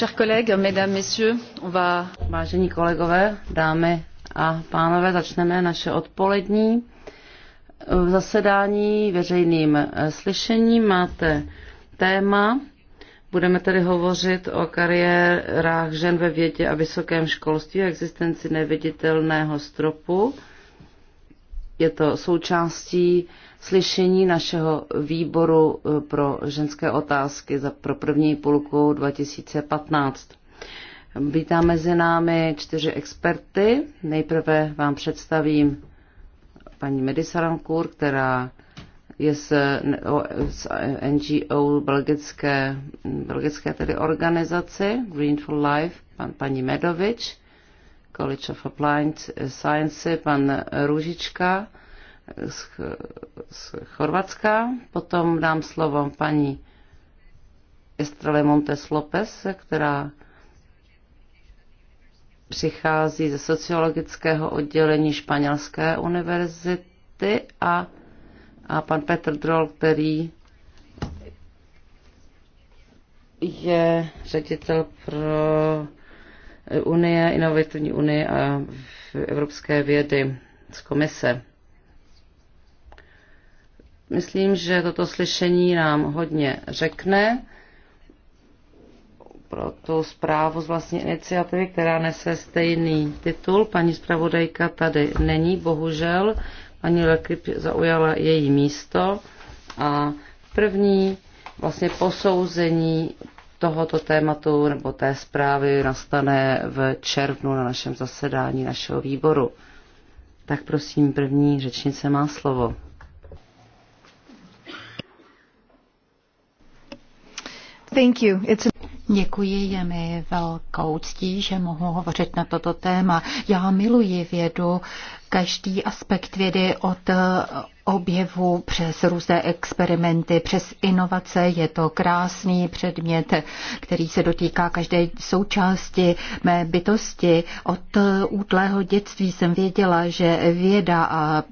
Chers collègues, mesdames, messieurs, on va... Vážení kolegové, dámy a pánové, začneme naše odpolední eh, zasedání veřejným eh, slyšením. Máte téma, budeme tedy hovořit o kariérách žen ve vědě a vysokém školství a existenci neviditelného stropu. Je to součástí slyšení našeho výboru eh, pro ženské otázky za, pro první půlku 2015. Vítám mezi námi čtyři experty. Nejprve vám představím paní Medisarankur, která je z, z NGO belgické, belgické tedy organizace Green for Life, pan, paní Medovič, College of Applied Science, pan Růžička, z, z Chorvatska. Potom dám slovo paní Estrele Montes Lopez, která přichází ze sociologického oddělení Španělské univerzity a, a pan Petr Drol, který je ředitel pro Unie, inovativní unie a evropské vědy z komise. Myslím, že toto slyšení nám hodně řekne pro tu zprávu z vlastní iniciativy, která nese stejný titul. Paní zpravodajka tady není, bohužel. Paní Lekryp zaujala její místo a první vlastně posouzení tohoto tématu nebo té zprávy nastane v červnu na našem zasedání našeho výboru. Tak prosím, první řečnice má slovo. Thank you. It's Děkuji, je mi velkou ctí, že mohu hovořit na toto téma. Já miluji vědu, každý aspekt vědy od objevu přes různé experimenty, přes inovace. Je to krásný předmět, který se dotýká každé součásti mé bytosti. Od útlého dětství jsem věděla, že věda a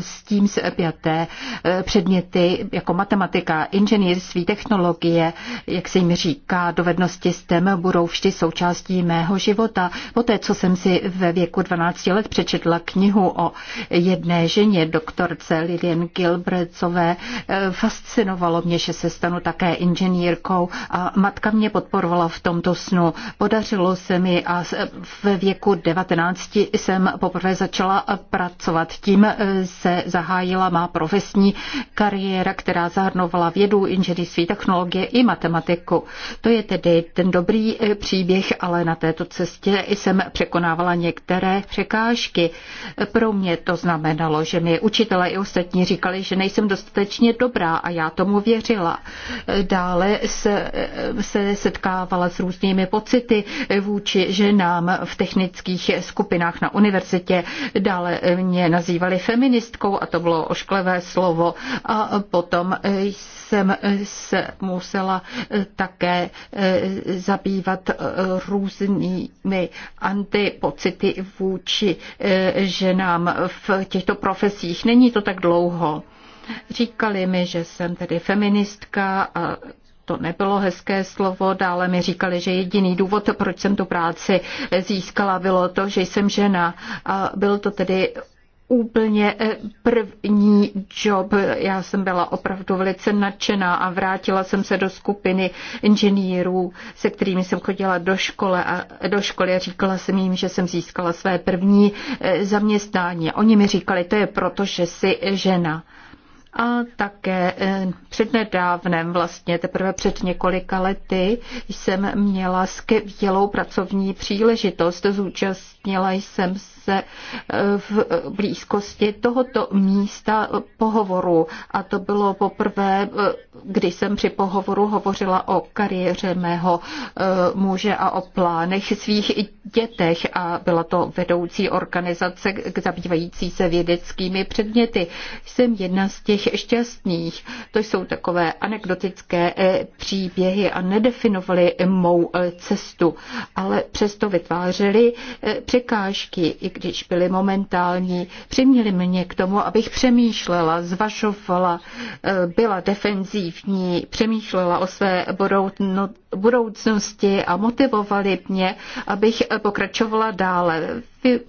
s tím zpěté eh, předměty jako matematika, inženýrství, technologie, jak se jim říká, dovednosti STEM budou vždy součástí mého života. Poté, co jsem si ve věku 12 let přečetla knihu o jedné ženě, doktorce Lili Vivian Gilbrecové. Eh, fascinovalo mě, že se stanu také inženýrkou a matka mě podporovala v tomto snu. Podařilo se mi a eh, ve věku 19 jsem poprvé začala pracovat. Tím eh, se zahájila má profesní kariéra, která zahrnovala vědu, inženýrství, technologie i matematiku. To je tedy ten dobrý příběh, ale na této cestě jsem překonávala některé překážky. Pro mě to znamenalo, že mi učitelé i ostatní Všichni říkali, že nejsem dostatečně dobrá a já tomu věřila. Dále se, se setkávala s různými pocity vůči ženám v technických skupinách na univerzitě. Dále mě nazývali feministkou a to bylo ošklevé slovo. A potom jsem se musela také zabývat různými antipocity vůči ženám v těchto profesích. Není to tak dlouho dlouho. Říkali mi, že jsem tedy feministka a to nebylo hezké slovo, dále mi říkali, že jediný důvod, proč jsem tu práci získala, bylo to, že jsem žena. A byl to tedy úplně eh, první job. Já jsem byla opravdu velice nadšená a vrátila jsem se do skupiny inženýrů, se kterými jsem chodila do, škole a do školy a říkala jsem jim, že jsem získala své první eh, zaměstnání. Oni mi říkali, to je proto, že jsi žena. A také eh, přednedávnem, vlastně teprve před několika lety, jsem měla skvělou pracovní příležitost zúčastnit zúčastnila jsem se eh, v blízkosti tohoto místa pohovoru a to bylo poprvé, eh, kdy jsem při pohovoru hovořila o kariéře mého eh, muže a o plánech svých dětech a byla to vedoucí organizace zabývající se vědeckými předměty. Jsem jedna z těch šťastných. To jsou takové anekdotické příběhy a nedefinovaly mou cestu, ale přesto vytvářeli překážky, i když byly momentální, přiměly mě k tomu, abych přemýšlela, zvažovala, eh, byla defenzívní, přemýšlela o své budoucnosti budoucnosti a motivovali mě, abych pokračovala dále.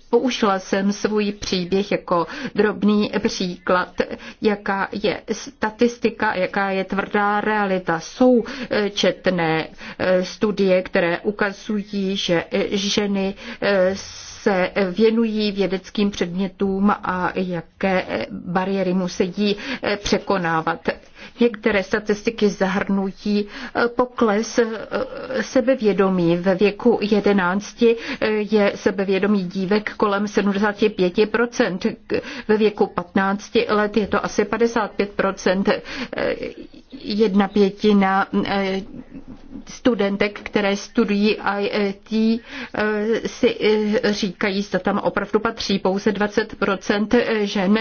Použila jsem svůj příběh jako drobný příklad, jaká je statistika, jaká je tvrdá realita. Jsou eh, četné eh, studie, které ukazují, že eh, ženy se věnují vědeckým předmětům a jaké bariéry musí překonávat. Některé statistiky zahrnují eh, pokles eh, sebevědomí. Ve věku 11 eh, je sebevědomí dívek kolem 75%, ve věku 15 let je to asi 55%, jedna pětina studentek, které studují IT, si říkají, že tam opravdu patří pouze 20% žen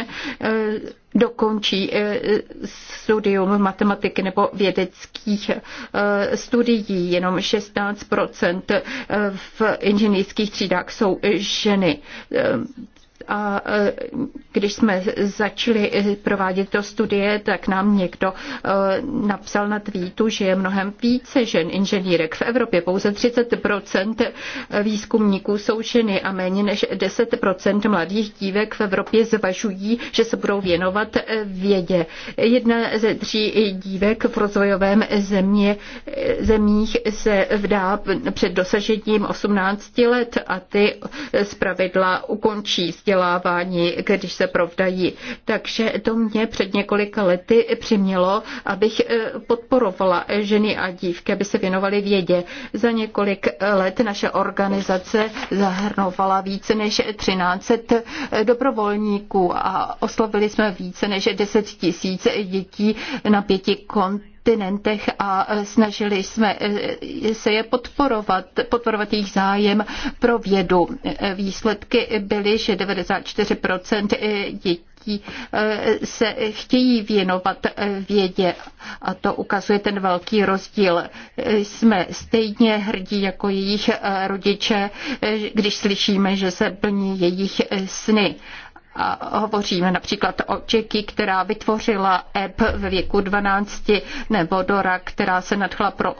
dokončí studium v matematiky nebo vědeckých eh, studií. Jenom 16 eh, v inženýrských třídách jsou ženy. Eh, a e, když jsme začali e, provádět to studie, tak nám někdo e, napsal na tweetu, že je mnohem více žen inženýrek v Evropě. Pouze 30% výzkumníků jsou ženy a méně než 10% mladých dívek v Evropě zvažují, že se budou věnovat vědě. Jedna ze tří dívek v rozvojovém země, zemích se vdá před dosažením 18 let a ty zpravidla ukončí vzdělání vzdělávání, když se provdají. Takže to mě před několika lety přimělo, abych eh, podporovala ženy a dívky, aby se věnovaly vědě. Za několik let naše organizace zahrnovala více než 13 eh, dobrovolníků a oslovili jsme více než 10 tisíc dětí na pěti kontinentech kontinentech a e, snažili jsme e, se je podporovat, podporovat jejich zájem pro vědu. E, výsledky byly, že 94% dětí se chtějí věnovat vědě. A to ukazuje ten velký rozdíl. Jsme stejně hrdí jako jejich rodiče, když slyšíme, že se plní jejich sny hovoříme například o Jackie, která vytvořila app ve věku 12, nebo Dora, která se nadchla pro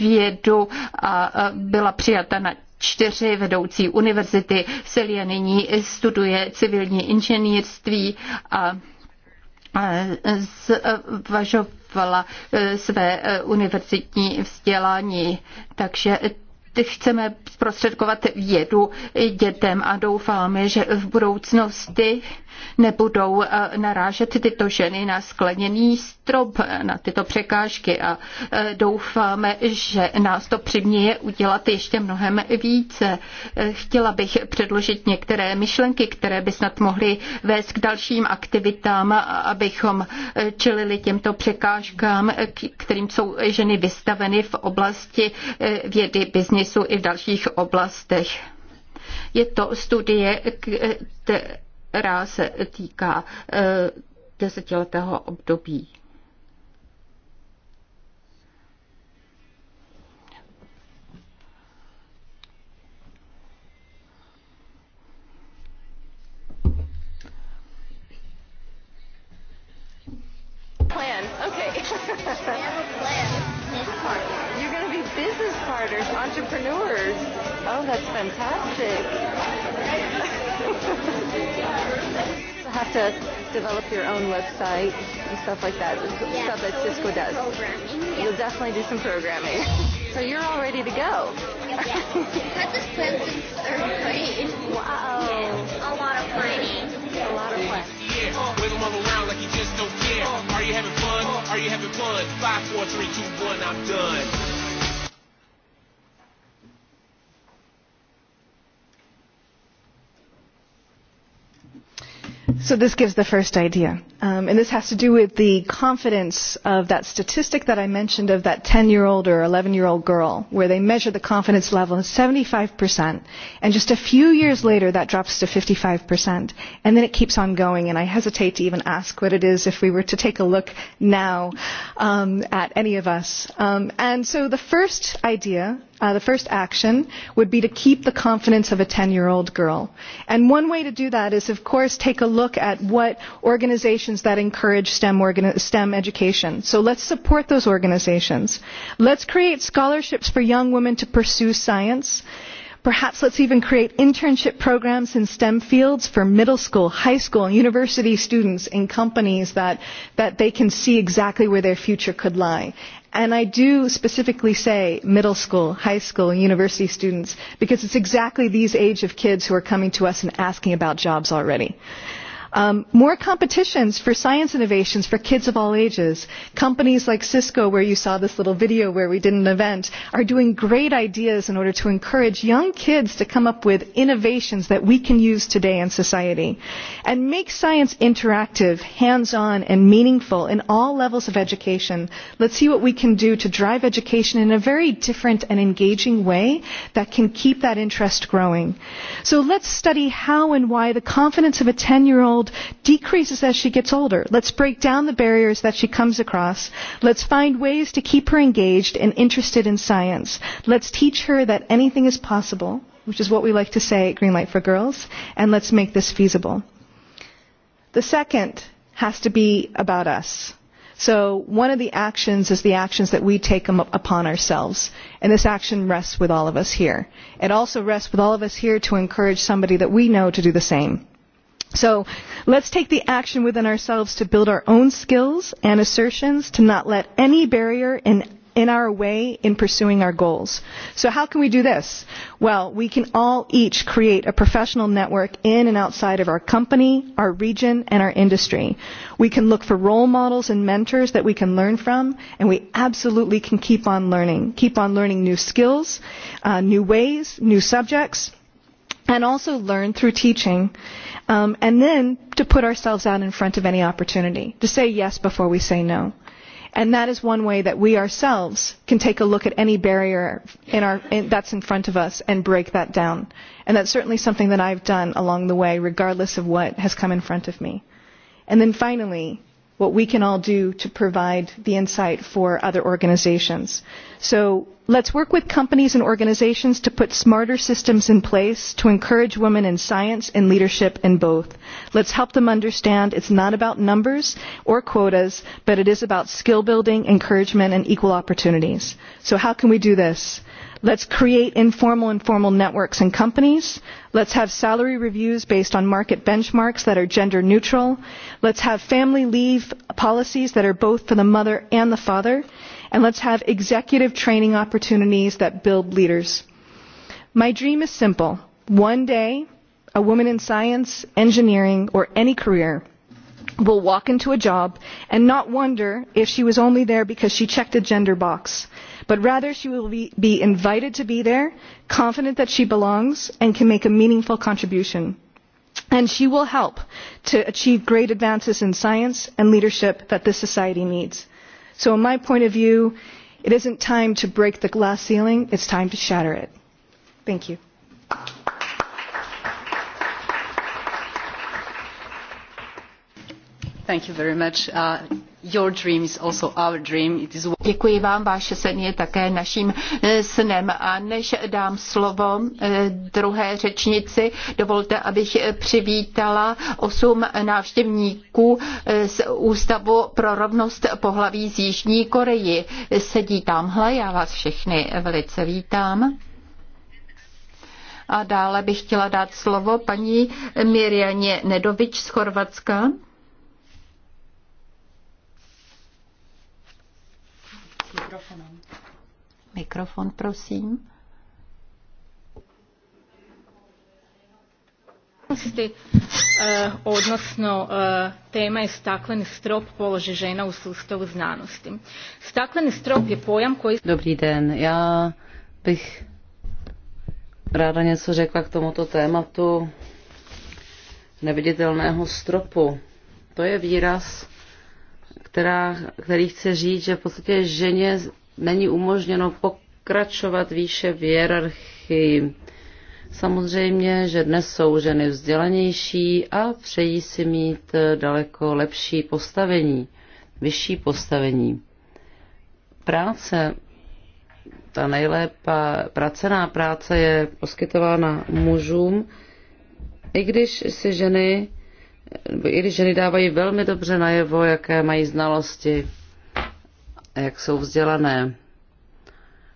vědu a byla přijata na čtyři vedoucí univerzity. Celia nyní studuje civilní inženýrství a zvažovala e, své e, univerzitní vzdělání. Takže chceme zprostředkovat vědu dětem a doufáme, že v budoucnosti nebudou eh, narážet tyto ženy na skleněný strop na tyto překážky a e, doufáme, že nás to přiměje udělat ještě mnohem více. E, chtěla bych předložit některé myšlenky, které by snad mohly vést k dalším aktivitám, abychom e, čelili těmto překážkám, kterým jsou ženy vystaveny v oblasti vědy, biznisu i v dalších oblastech. Je to studie, která se týká desetiletého období. starters, entrepreneurs. Oh, that's fantastic. you have to develop your own website and stuff like that, yeah, stuff that Cisco so Cisco does. Programming, yeah. You'll definitely do some programming. So you're all ready to go. Yeah. Had this plan since third grade. Wow. Yeah. A lot of planning. A lot of planning. Yeah, wiggle mom around like you just don't care. Are you having fun? Are you having fun? Five, four, three, two, one. I'm done. So this gives the first idea. Um, and this has to do with the confidence of that statistic that I mentioned of that 10 year old or 11 year old girl, where they measure the confidence level at 75%. And just a few years later, that drops to 55%. And then it keeps on going. And I hesitate to even ask what it is if we were to take a look now um, at any of us. Um, and so the first idea Uh, the first action would be to keep the confidence of a 10 year old girl. And one way to do that is, of course, take a look at what organizations organizations that encourage STEM, organi- STEM education. So let's support those organizations. Let's create scholarships for young women to pursue science. Perhaps let's even create internship programs in STEM fields for middle school, high school, and university students in companies that, that they can see exactly where their future could lie. And I do specifically say middle school, high school, and university students because it's exactly these age of kids who are coming to us and asking about jobs already. Um, more competitions for science innovations for kids of all ages. Companies like Cisco, where you saw this little video where we did an event, are doing great ideas in order to encourage young kids to come up with innovations that we can use today in society. And make science interactive, hands-on, and meaningful in all levels of education. Let's see what we can do to drive education in a very different and engaging way that can keep that interest growing. So let's study how and why the confidence of a 10-year-old world decreases as she gets older. Let's break down the barriers that she comes across. Let's find ways to keep her engaged and interested in science. Let's teach her that anything is possible, which is what we like to say at Greenlight for Girls, and let's make this feasible. The second has to be about us. So one of the actions is the actions that we take upon ourselves. And this action rests with all of us here. It also rests with all of us here to encourage somebody that we know to do the same. So let's take the action within ourselves to build our own skills and assertions, to not let any barrier in, in our way in pursuing our goals. So how can we do this? Well, we can all each create a professional network in and outside of our company, our region, and our industry. We can look for role models and mentors that we can learn from, and we absolutely can keep on learning. Keep on learning new skills, uh, new ways, new subjects, and also learn through teaching um, and then to put ourselves out in front of any opportunity to say yes before we say no and that is one way that we ourselves can take a look at any barrier in our, in, that's in front of us and break that down and that's certainly something that i've done along the way regardless of what has come in front of me and then finally what we can all do to provide the insight for other organizations. So let's work with companies and organizations to put smarter systems in place to encourage women in science and leadership in both. Let's help them understand it's not about numbers or quotas, but it is about skill building, encouragement, and equal opportunities. So how can we do this? let's create informal and formal networks and companies let's have salary reviews based on market benchmarks that are gender neutral let's have family leave policies that are both for the mother and the father and let's have executive training opportunities that build leaders. my dream is simple one day a woman in science engineering or any career will walk into a job and not wonder if she was only there because she checked a gender box but rather she will be, be invited to be there, confident that she belongs and can make a meaningful contribution. And she will help to achieve great advances in science and leadership that this society needs. So in my point of view, it isn't time to break the glass ceiling, it's time to shatter it. Thank you. Děkuji vám, váš sen je také naším eh, snem. A než dám slovo eh, druhé řečnici, dovolte, abych eh, přivítala osm návštěvníků z Ústavu pro rovnost pohlaví z Jižní Koreji. Sedí tamhle, já vás všechny velice vítám. A dále bych chtěla dát slovo paní Mirjaně Nedovič z Chorvatska. mikrofonem. Mikrofon, prosím. Eh, odnosno eh, tema je stakleni strop položaj žena u sustavu znanosti. Stakleni strop je pojam koji... Dobrý den, já bych ráda něco řekla k tomuto tématu neviditelného stropu. To je výraz, která, který chce říct, že v podstatě ženě není umožněno pokračovat výše v hierarchii. Samozřejmě, že dnes jsou ženy vzdělanější a přejí si mít daleko lepší postavení, vyšší postavení. Práce, ta nejlépe pracená práce je poskytována mužům, i když si ženy i když ženy dávají velmi dobře najevo, jaké mají znalosti, jak jsou vzdělané.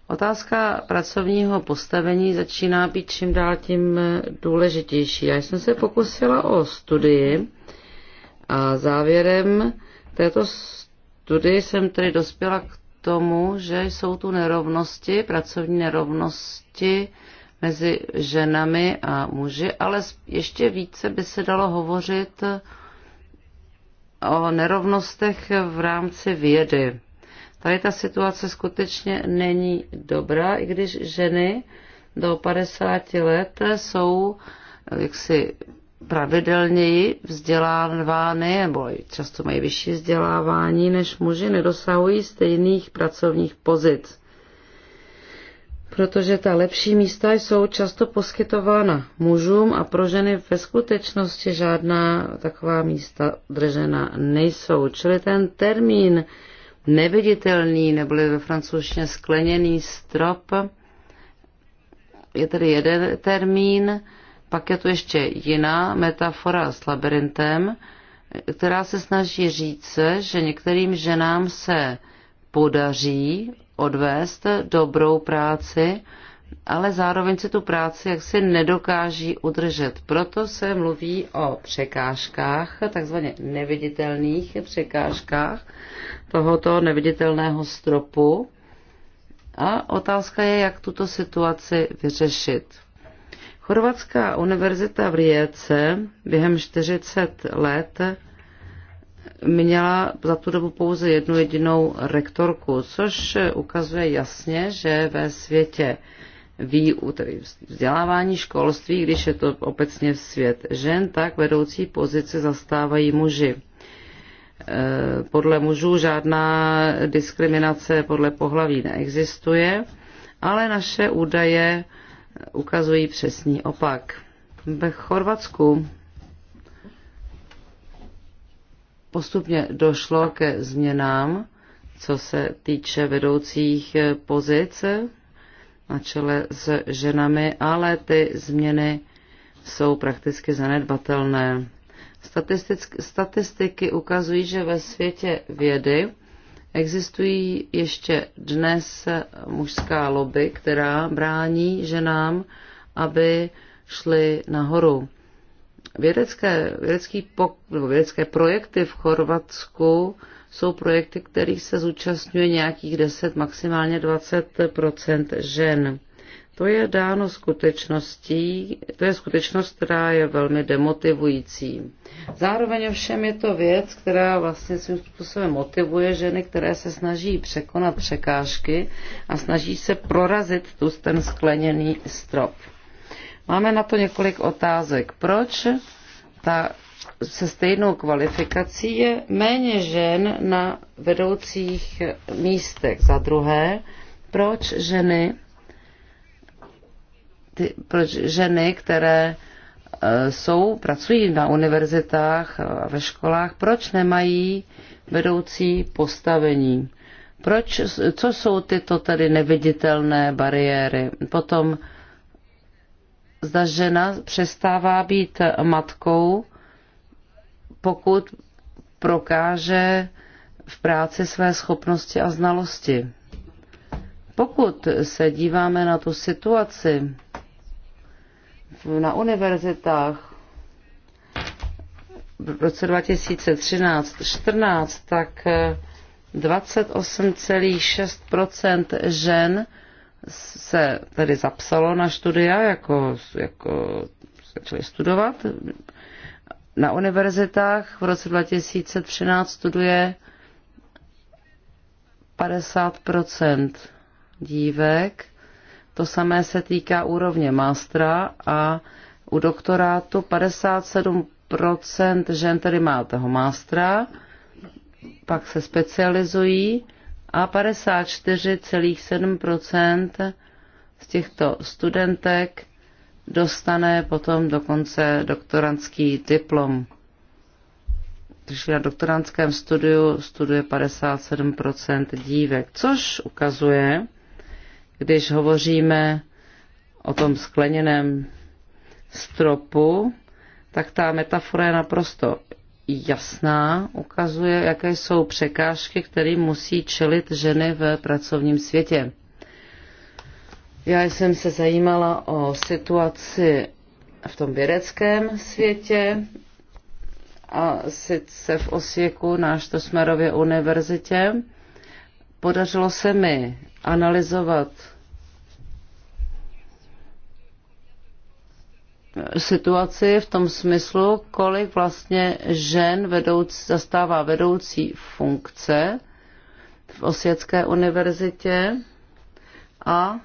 Otázka pracovního postavení začíná být čím dál tím důležitější. Já jsem se pokusila o studii a závěrem této studii jsem tedy dospěla k tomu, že jsou tu nerovnosti, pracovní nerovnosti mezi ženami a muži, ale ještě více by se dalo hovořit o nerovnostech v rámci vědy. Tady ta situace skutečně není dobrá, i když ženy do 50 let jsou jaksi pravidelněji vzdělávány, nebo často mají vyšší vzdělávání než muži, nedosahují stejných pracovních pozic protože ta lepší místa jsou často poskytována mužům a pro ženy ve skutečnosti žádná taková místa držena nejsou. Čili ten termín neviditelný, neboli ve francouzštině skleněný strop, je tedy jeden termín, pak je tu ještě jiná metafora s labirintem, která se snaží říct, že některým ženám se podaří odvést dobrou práci, ale zároveň se tu práci jaksi nedokáží udržet. Proto se mluví o překážkách, takzvaně neviditelných překážkách tohoto neviditelného stropu. A otázka je, jak tuto situaci vyřešit. Chorvatská univerzita v Rijece během 40 let měla za tu dobu pouze jednu jedinou rektorku, což ukazuje jasně, že ve světě výu, tedy vzdělávání školství, když je to obecně v svět žen, tak vedoucí pozice zastávají muži. E, podle mužů žádná diskriminace podle pohlaví neexistuje, ale naše údaje ukazují přesný opak. Ve Chorvatsku Postupně došlo ke změnám, co se týče vedoucích eh, pozic na čele s ženami, ale ty změny jsou prakticky zanedbatelné. Statistiky ukazují, že ve světě vědy existují ještě dnes mužská lobby, která brání ženám, aby šly nahoru. Vědecké, vědecký pok, nebo vědecké projekty v Chorvatsku jsou projekty, kterých se zúčastňuje nějakých 10, maximálně 20 žen. To je dáno skutečností, to je skutečnost, která je velmi demotivující. Zároveň ovšem je to věc, která vlastně svým způsobem motivuje ženy, které se snaží překonat překážky a snaží se prorazit tu ten skleněný strop. Máme na to několik otázek. Proč ta se stejnou kvalifikací je méně žen na vedoucích místech. Za druhé, proč ženy, ty, proč ženy, které eh, jsou, pracují na univerzitách a ve školách, proč nemají vedoucí postavení? Proč, co jsou tyto tedy neviditelné bariéry? Potom zda žena přestává být matkou, pokud prokáže v práci své schopnosti a znalosti. Pokud se díváme na tu situaci na univerzitách v roce 2013-14, tak 28,6 žen se tedy zapsalo na studia, jako, jako začali studovat. Na univerzitách v roce 2013 studuje 50 dívek. To samé se týká úrovně mástra a u doktorátu 57 žen tedy má toho mástra, pak se specializují a 54,7 z těchto studentek dostane potom dokonce doktorantský diplom. Když na doktorantském studiu studuje 57 dívek, což ukazuje, když hovoříme o tom skleněném stropu, tak ta metafora je naprosto jasná, ukazuje, jaké jsou překážky, kterým musí čelit ženy v pracovním světě. Já jsem se zajímala o situaci v tom vědeckém světě a sice v Osvěku na Štosmerově univerzitě. Podařilo se mi analyzovat situaci v tom smyslu, kolik vlastně žen vedoucí, zastává vedoucí funkce v Osvětské univerzitě a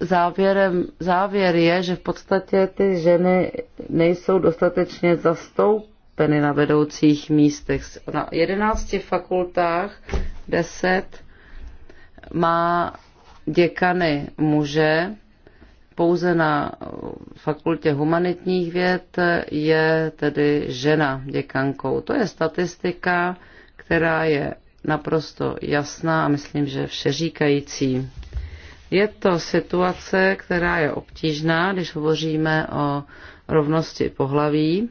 závěrem, závěr je, že v podstatě ty ženy nejsou dostatečně zastoupeny na vedoucích místech. Na 11 fakultách 10 má děkany muže, pouze na fakultě humanitních věd je tedy žena děkankou. To je statistika, která je naprosto jasná a myslím, že všeříkající. Je to situace, která je obtížná, když hovoříme o rovnosti pohlaví.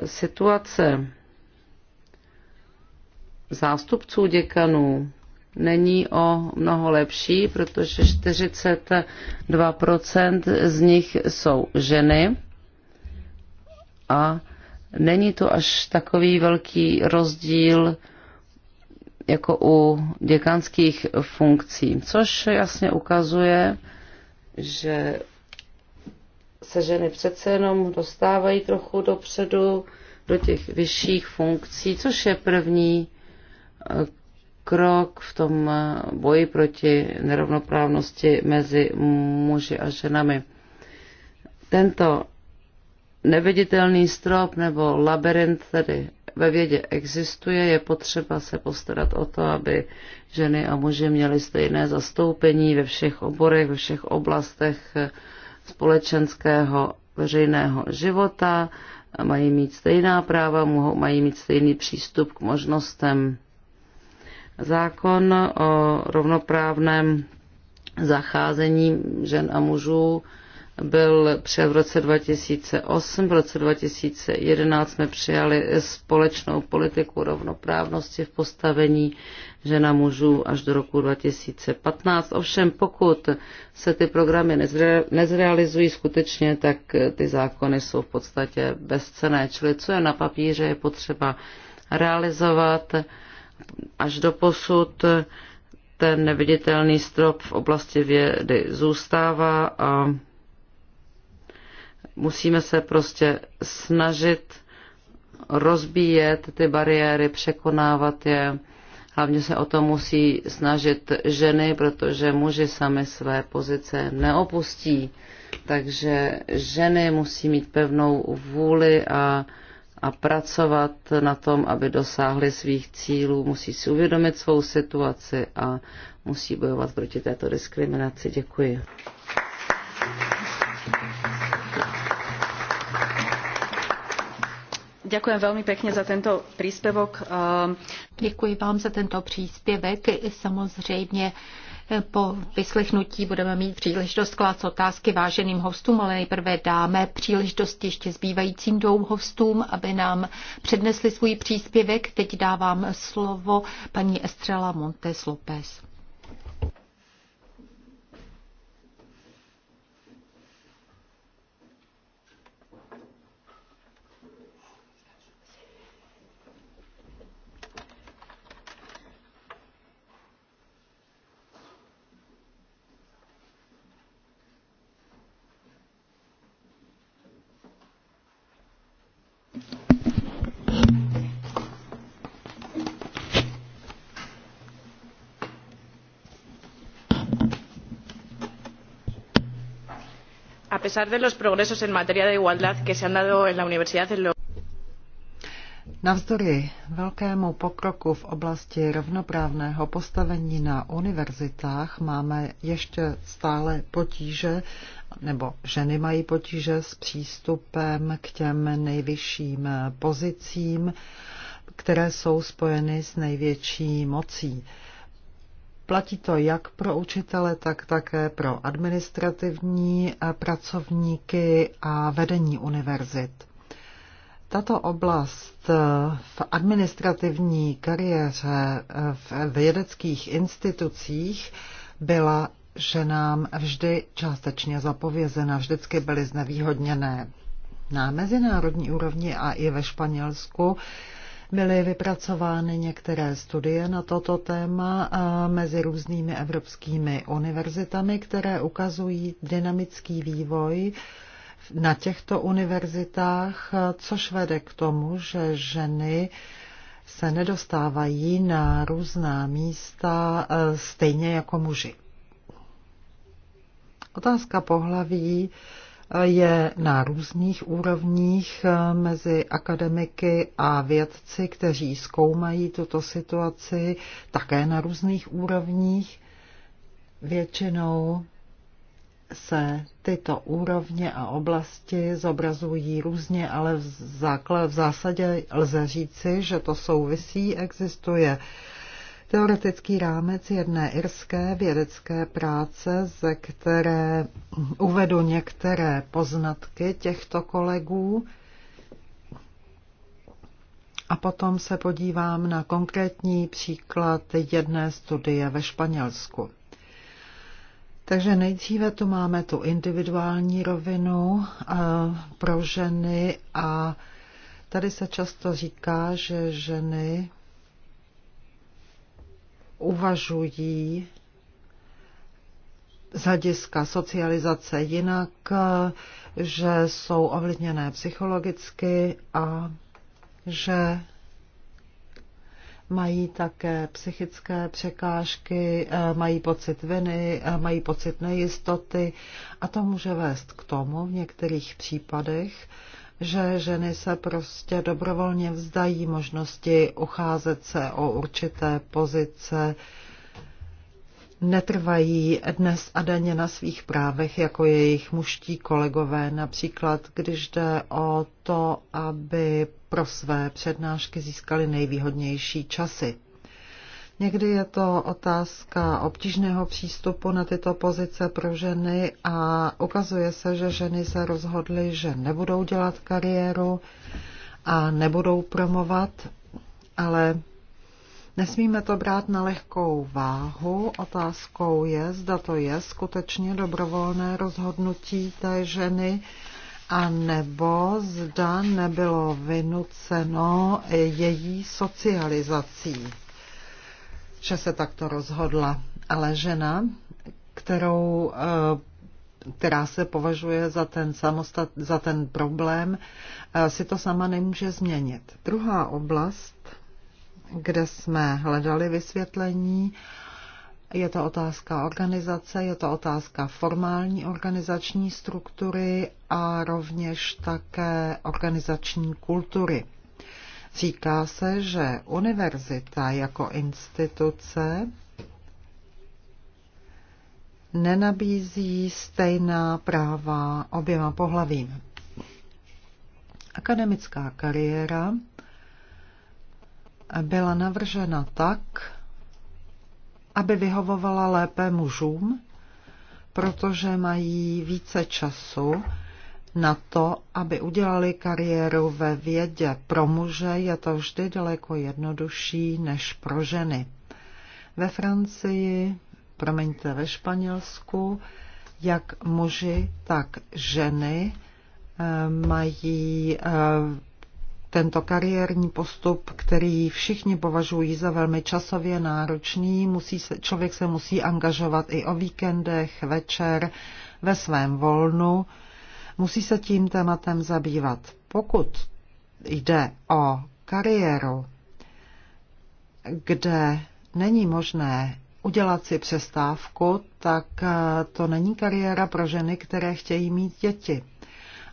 E, situace zástupců děkanů není o mnoho lepší, protože 42% z nich jsou ženy a není to až takový velký rozdíl jako u děkanských funkcí, což jasně ukazuje, že se ženy přece jenom dostávají trochu dopředu do těch vyšších funkcí, což je první krok v tom eh, boji proti nerovnoprávnosti mezi muži a ženami. Tento neviditelný strop nebo labirint tedy ve vědě existuje, je potřeba se postarat o to, aby ženy a muži měli stejné zastoupení ve všech oborech, ve všech oblastech eh, společenského veřejného života, mají mít stejná práva, mají mít stejný přístup k možnostem. Zákon o rovnoprávném zacházení žen a mužů byl přijat v roce 2008. V roce 2011 jsme přijali společnou politiku rovnoprávnosti v postavení žena mužů až do roku 2015. Ovšem pokud se ty programy nezre, nezrealizují skutečně, tak ty zákony jsou v podstatě bezcené. Čili co je na papíře, je potřeba realizovat Až do posud ten neviditelný strop v oblasti vědy zůstává a musíme se prostě snažit rozbíjet ty bariéry, překonávat je. Hlavně se o to musí snažit ženy, protože muži sami své pozice neopustí. Takže ženy musí mít pevnou vůli a a pracovat na tom, aby dosáhli svých cílů, musí si uvědomit svou situaci a musí bojovat proti této diskriminaci. Děkuji. Děkuji velmi pekne za tento příspěvek. Děkuji vám za tento příspěvek. Samozřejmě po vyslechnutí budeme mít příležitost klás otázky váženým hostům, ale nejprve dáme příležitost ještě zbývajícím dvou hostům, aby nám přednesli svůj příspěvek. Teď dávám slovo paní Estrela Montes López. pesar de los progresos en materia de igualdad que se han dado en la universidad en lo... Navzdory velkému pokroku v oblasti rovnoprávného postavení na univerzitách máme ještě stále potíže, nebo ženy mají potíže s přístupem k těm nejvyšším pozicím, které jsou spojeny s největší mocí. Platí to jak pro učitele, tak také pro administrativní eh, pracovníky a vedení univerzit. Tato oblast eh, v administrativní kariéře eh, v vědeckých institucích byla ženám vždy částečně zapovězena, vždycky byly znevýhodněné. Na mezinárodní úrovni a i ve Španělsku Byly vypracovány některé studie na toto téma mezi různými evropskými univerzitami, které ukazují dynamický vývoj na těchto univerzitách, což vede k tomu, že ženy se nedostávají na různá místa e, stejně jako muži. Otázka pohlaví je na různých úrovních eh, mezi akademiky a vědci, kteří zkoumají tuto situaci, také na různých úrovních. Většinou se tyto úrovně a oblasti zobrazují různě, ale v, základ, v zásadě lze říci, že to souvisí, existuje teoretický rámec jedné irské vědecké práce, ze které uvedu některé poznatky těchto kolegů. A potom se podívám na konkrétní příklad jedné studie ve Španělsku. Takže nejdříve tu máme tu individuální rovinu eh, pro ženy a tady se často říká, že ženy uvažují z hlediska socializace jinak, že jsou ovlivněné psychologicky a že mají také psychické překážky, eh, mají pocit viny, eh, mají pocit nejistoty a to může vést k tomu v některých případech, že ženy se prostě dobrovolně vzdají možnosti ucházet se o určité pozice, netrvají dnes a denně na svých právech jako jejich muští kolegové. Například, když jde o to, aby pro své přednášky získali nejvýhodnější časy. Někdy je to otázka obtížného přístupu na tyto pozice pro ženy a ukazuje se, že ženy se rozhodly, že nebudou dělat kariéru a nebudou promovat, ale nesmíme to brát na lehkou váhu. Otázkou je, zda to je skutečně dobrovolné rozhodnutí té ženy, a nebo zda nebylo vynuceno její socializací že se takto rozhodla. Ale žena, kterou, eh, která se považuje za ten, samostat, za ten problém, eh, si to sama nemůže změnit. Druhá oblast, kde jsme hledali vysvětlení, je to otázka organizace, je to otázka formální organizační struktury a rovněž také organizační kultury. Říká se, že univerzita jako instituce nenabízí stejná práva oběma pohlavím. Akademická kariéra byla navržena tak, aby vyhovovala lépe mužům, protože mají více času na to, aby udělali kariéru ve vědě. Pro muže je to vždy daleko jednodušší než pro ženy. Ve Francii, promiňte, ve Španělsku, jak muži, tak ženy eh, mají eh, tento kariérní postup, který všichni považují za velmi časově náročný. Musí se, člověk se musí angažovat i o víkendech, večer, ve svém volnu musí se tím tématem zabývat. Pokud jde o kariéru, kde není možné udělat si přestávku, tak eh, to není kariéra pro ženy, které chtějí mít děti.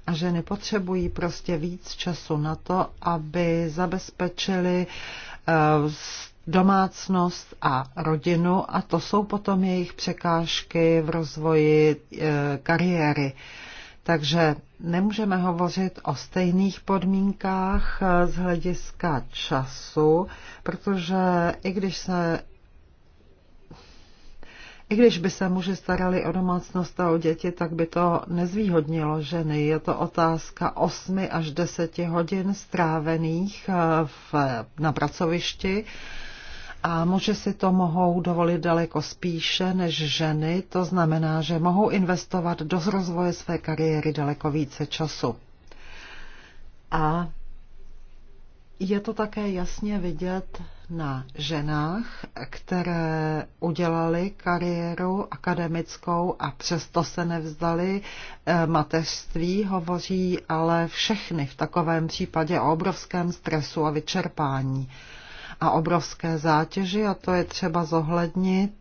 A ženy potřebují prostě víc času na to, aby zabezpečili eh, domácnost a rodinu a to jsou potom jejich překážky v rozvoji eh, kariéry. Takže nemůžeme hovořit o stejných podmínkách eh, z hlediska času, protože i když se i když by se muži starali o domácnost a o děti, tak by to nezvýhodnilo ženy. Je to otázka 8 až 10 hodin strávených eh, v, na pracovišti a muži si to mohou dovolit daleko spíše než ženy, to znamená, že mohou investovat do rozvoje své kariéry daleko více času. A je to také jasně vidět na ženách, které udělali kariéru akademickou a přesto se nevzdali. Eh, mateřství hovoří ale všechny v takovém případě o obrovském stresu a vyčerpání a obrovské zátěži a to je třeba zohlednit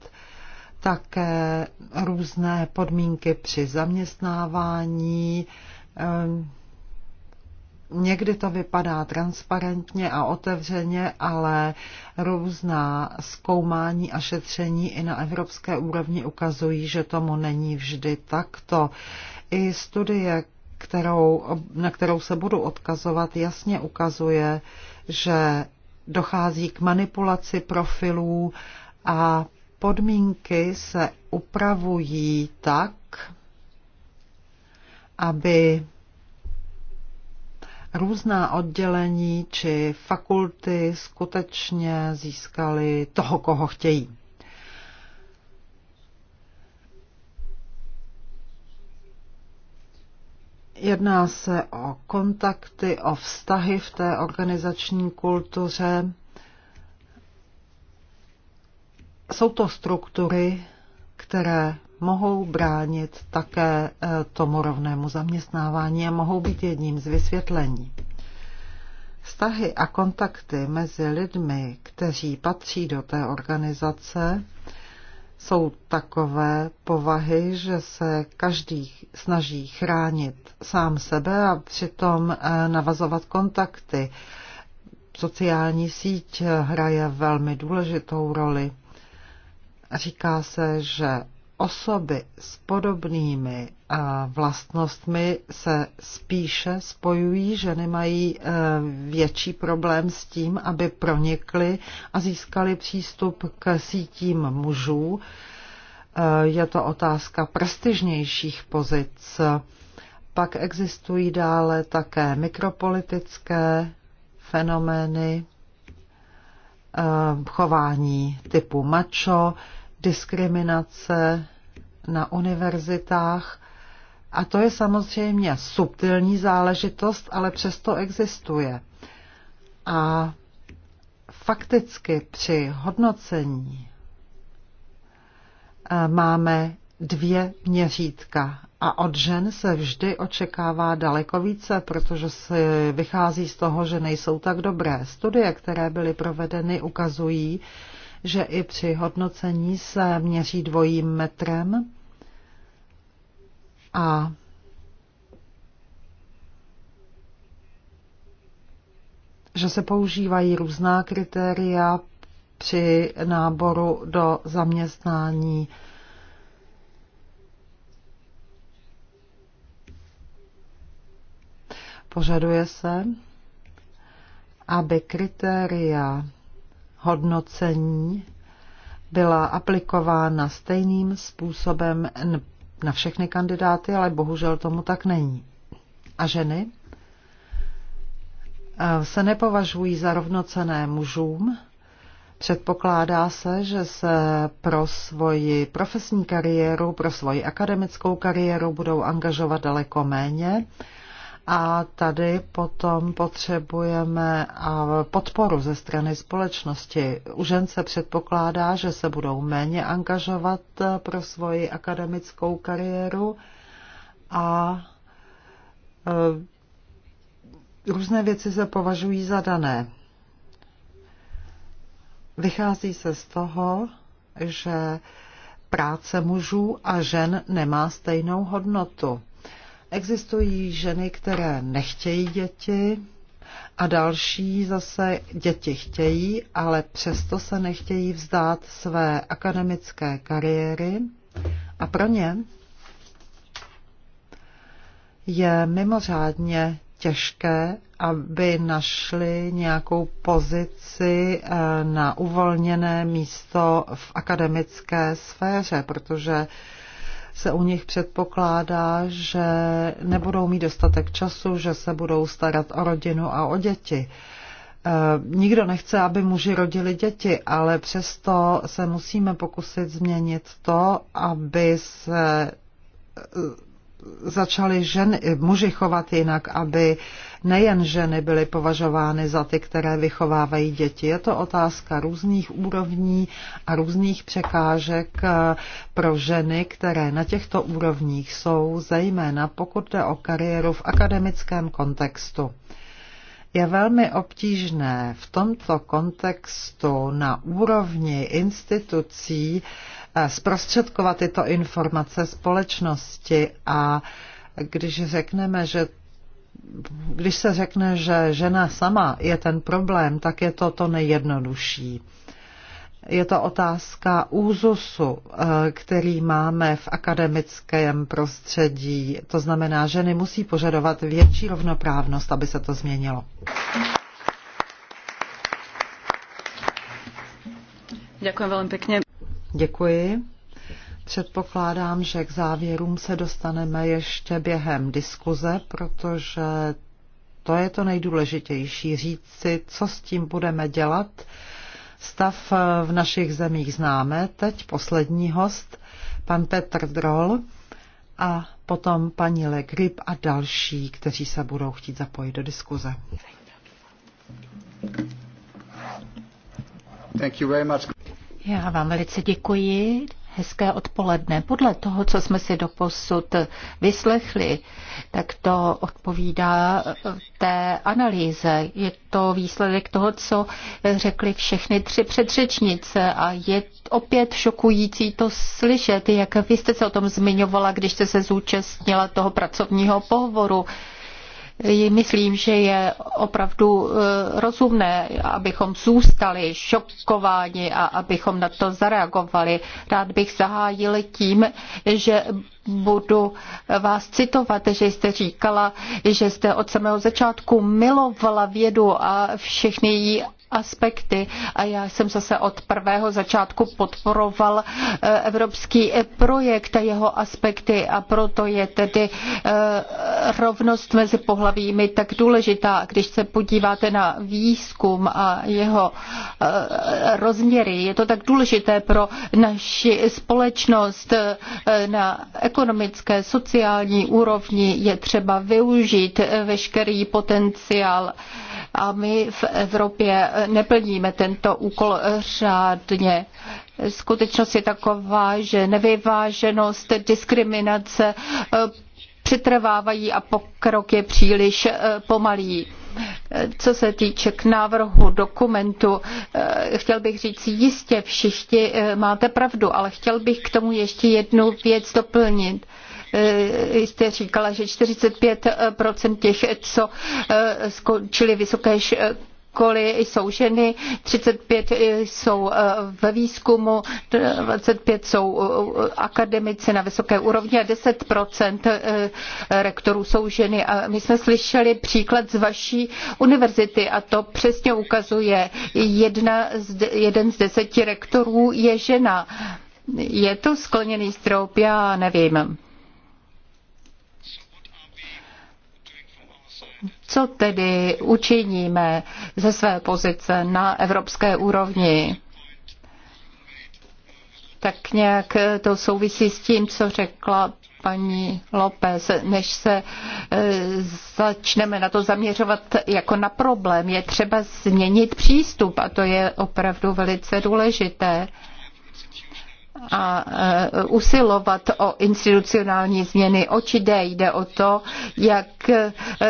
také různé podmínky při zaměstnávání. Ehm, někdy to vypadá transparentně a otevřeně, ale různá zkoumání a šetření i na evropské úrovni ukazují, že tomu není vždy takto. I studie, kterou, na kterou se budu odkazovat, jasně ukazuje, že dochází k manipulaci profilů a podmínky se upravují tak, aby různá oddělení či fakulty skutečně získaly toho, koho chtějí. Jedná se o kontakty, o vztahy v té organizační kultuře. Jsou to struktury, které mohou bránit také eh, tomu rovnému zaměstnávání a mohou být jedním z vysvětlení. Vztahy a kontakty mezi lidmi, kteří patří do té organizace, jsou takové povahy, že se každý snaží chránit sám sebe a přitom eh, navazovat kontakty. Sociální síť hraje velmi důležitou roli. Říká se, že osoby s podobnými eh, vlastnostmi se spíše spojují, ženy mají eh, větší problém s tím, aby pronikly a získali přístup k sítím mužů. Eh, je to otázka prestižnějších pozic. Pak existují dále také mikropolitické fenomény, chování typu macho, diskriminace na univerzitách. A to je samozřejmě subtilní záležitost, ale přesto existuje. A fakticky při hodnocení eh, máme dvě měřítka a od žen se vždy očekává daleko více, protože se vychází z toho, že nejsou tak dobré. Studie, které byly provedeny, ukazují, že i při hodnocení se měří dvojím metrem a že se používají různá kritéria při náboru do zaměstnání. Požaduje se, aby kritéria hodnocení byla aplikována stejným způsobem na všechny kandidáty, ale bohužel tomu tak není. A ženy eh, se nepovažují za rovnocené mužům. Předpokládá se, že se pro svoji profesní kariéru, pro svoji akademickou kariéru budou angažovat daleko méně a tady potom potřebujeme podporu ze strany společnosti. U žen se předpokládá, že se budou méně angažovat pro svoji akademickou kariéru a e, různé věci se považují za dané. Vychází se z toho, že práce mužů a žen nemá stejnou hodnotu. Existují ženy, které nechtějí děti a další zase děti chtějí, ale přesto se nechtějí vzdát své akademické kariéry a pro ně je mimořádně těžké, aby našli nějakou pozici eh, na uvolněné místo v akademické sféře, protože se u nich předpokládá, že nebudou mít dostatek času, že se budou starat o rodinu a o děti. E, nikdo nechce, aby muži rodili děti, ale přesto se musíme pokusit změnit to, aby se začaly ženy, muži chovat jinak, aby nejen ženy byly považovány za ty, které vychovávají děti. Je to otázka různých úrovní a různých překážek eh, pro ženy, které na těchto úrovních jsou, zejména pokud jde o kariéru v akademickém kontextu je velmi obtížné v tomto kontextu na úrovni institucí Eh, zprostředkovat tyto informace společnosti a když řekneme, že když se řekne, že žena sama je ten problém, tak je to to nejjednodušší. Je to otázka úzusu, eh, který máme v akademickém prostředí. To znamená, ženy musí požadovat větší rovnoprávnost, aby se to změnilo. Děkuji velmi pěkně. Děkuji. Předpokládám, že k závěrům se dostaneme ještě během diskuze, protože to je to nejdůležitější, říct si, co s tím budeme dělat. Stav v našich zemích známe. Teď poslední host, pan Petr Drol a potom paní Le Grip a další, kteří se budou chtít zapojit do diskuze. Thank you very much. Já vám velice děkuji. Hezké odpoledne. Podle toho, co jsme si doposud vyslechli, tak to odpovídá té analýze. Je to výsledek toho, co řekly všechny tři předřečnice a je opět šokující to slyšet, jak vy jste se o tom zmiňovala, když jste se zúčastnila toho pracovního pohovoru. Myslím, že je opravdu e, rozumné, abychom zůstali šokováni a abychom na to zareagovali. Rád bych zahájil tím, že budu vás citovat, že jste říkala, že jste od samého začátku milovala vědu a všechny její aspekty. A já jsem zase od prvého začátku podporoval eh, evropský eh, projekt a jeho aspekty a proto je tedy eh, rovnost mezi pohlavími tak důležitá. Když se podíváte na výzkum a jeho rozměry, je to tak důležité pro naši společnost na ekonomické, sociální úrovni je třeba využít veškerý potenciál a my v Evropě neplníme tento úkol řádně. Skutečnost je taková, že nevyváženost, diskriminace eh, přetrvávají a pokrok je příliš eh, pomalý. Eh, co se týče k návrhu dokumentu, chtěl bych říct, jistě všichni máte pravdu, ale chtěl bych k tomu ještě jednu věc doplnit jste říkala, že 45% těch, co skončili vysoké školy, školy jsou ženy, 35 jsou eh, ve výzkumu, 25 jsou eh, eh, akademici na vysoké úrovni a 10 rektorů jsou ženy. A my jsme slyšeli příklad z vaší univerzity a to přesně ukazuje, jedna z, jeden z deseti rektorů je žena. Je to skloněný strop? Já nevím. Co tedy učiníme ze své pozice na evropské úrovni? Tak nějak to souvisí s tím, co řekla paní López, než se eh, začneme na to zaměřovat jako na problém, je třeba změnit přístup a to je opravdu velice důležité a e, usilovat o institucionální změny. Oč jde, jde o to, jak e,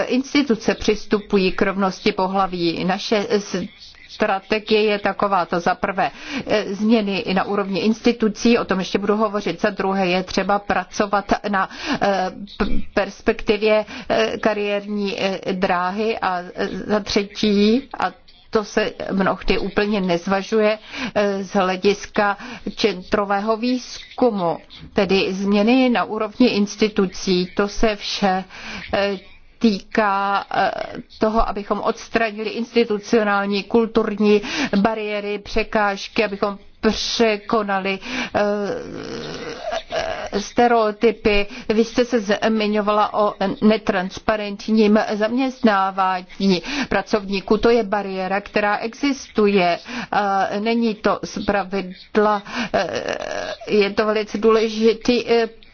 instituce přistupují k rovnosti pohlaví. Naše strategie je taková, to za prvé e, změny i na úrovni institucí, o tom ještě budu hovořit, za druhé je třeba pracovat na perspektivě kariérní dráhy a za třetí, a to se mnohdy úplně nezvažuje eh, z hlediska centrového výzkumu, tedy změny na úrovni institucí. To se vše eh, týká eh, toho, abychom odstranili institucionální, kulturní bariéry, překážky, abychom překonali eh, eh, stereotypy. Vy jste se zmiňovala o netransparentním zaměstnávání pracovníků. To je bariéra, která existuje. Není to zpravidla. Je to velice důležitý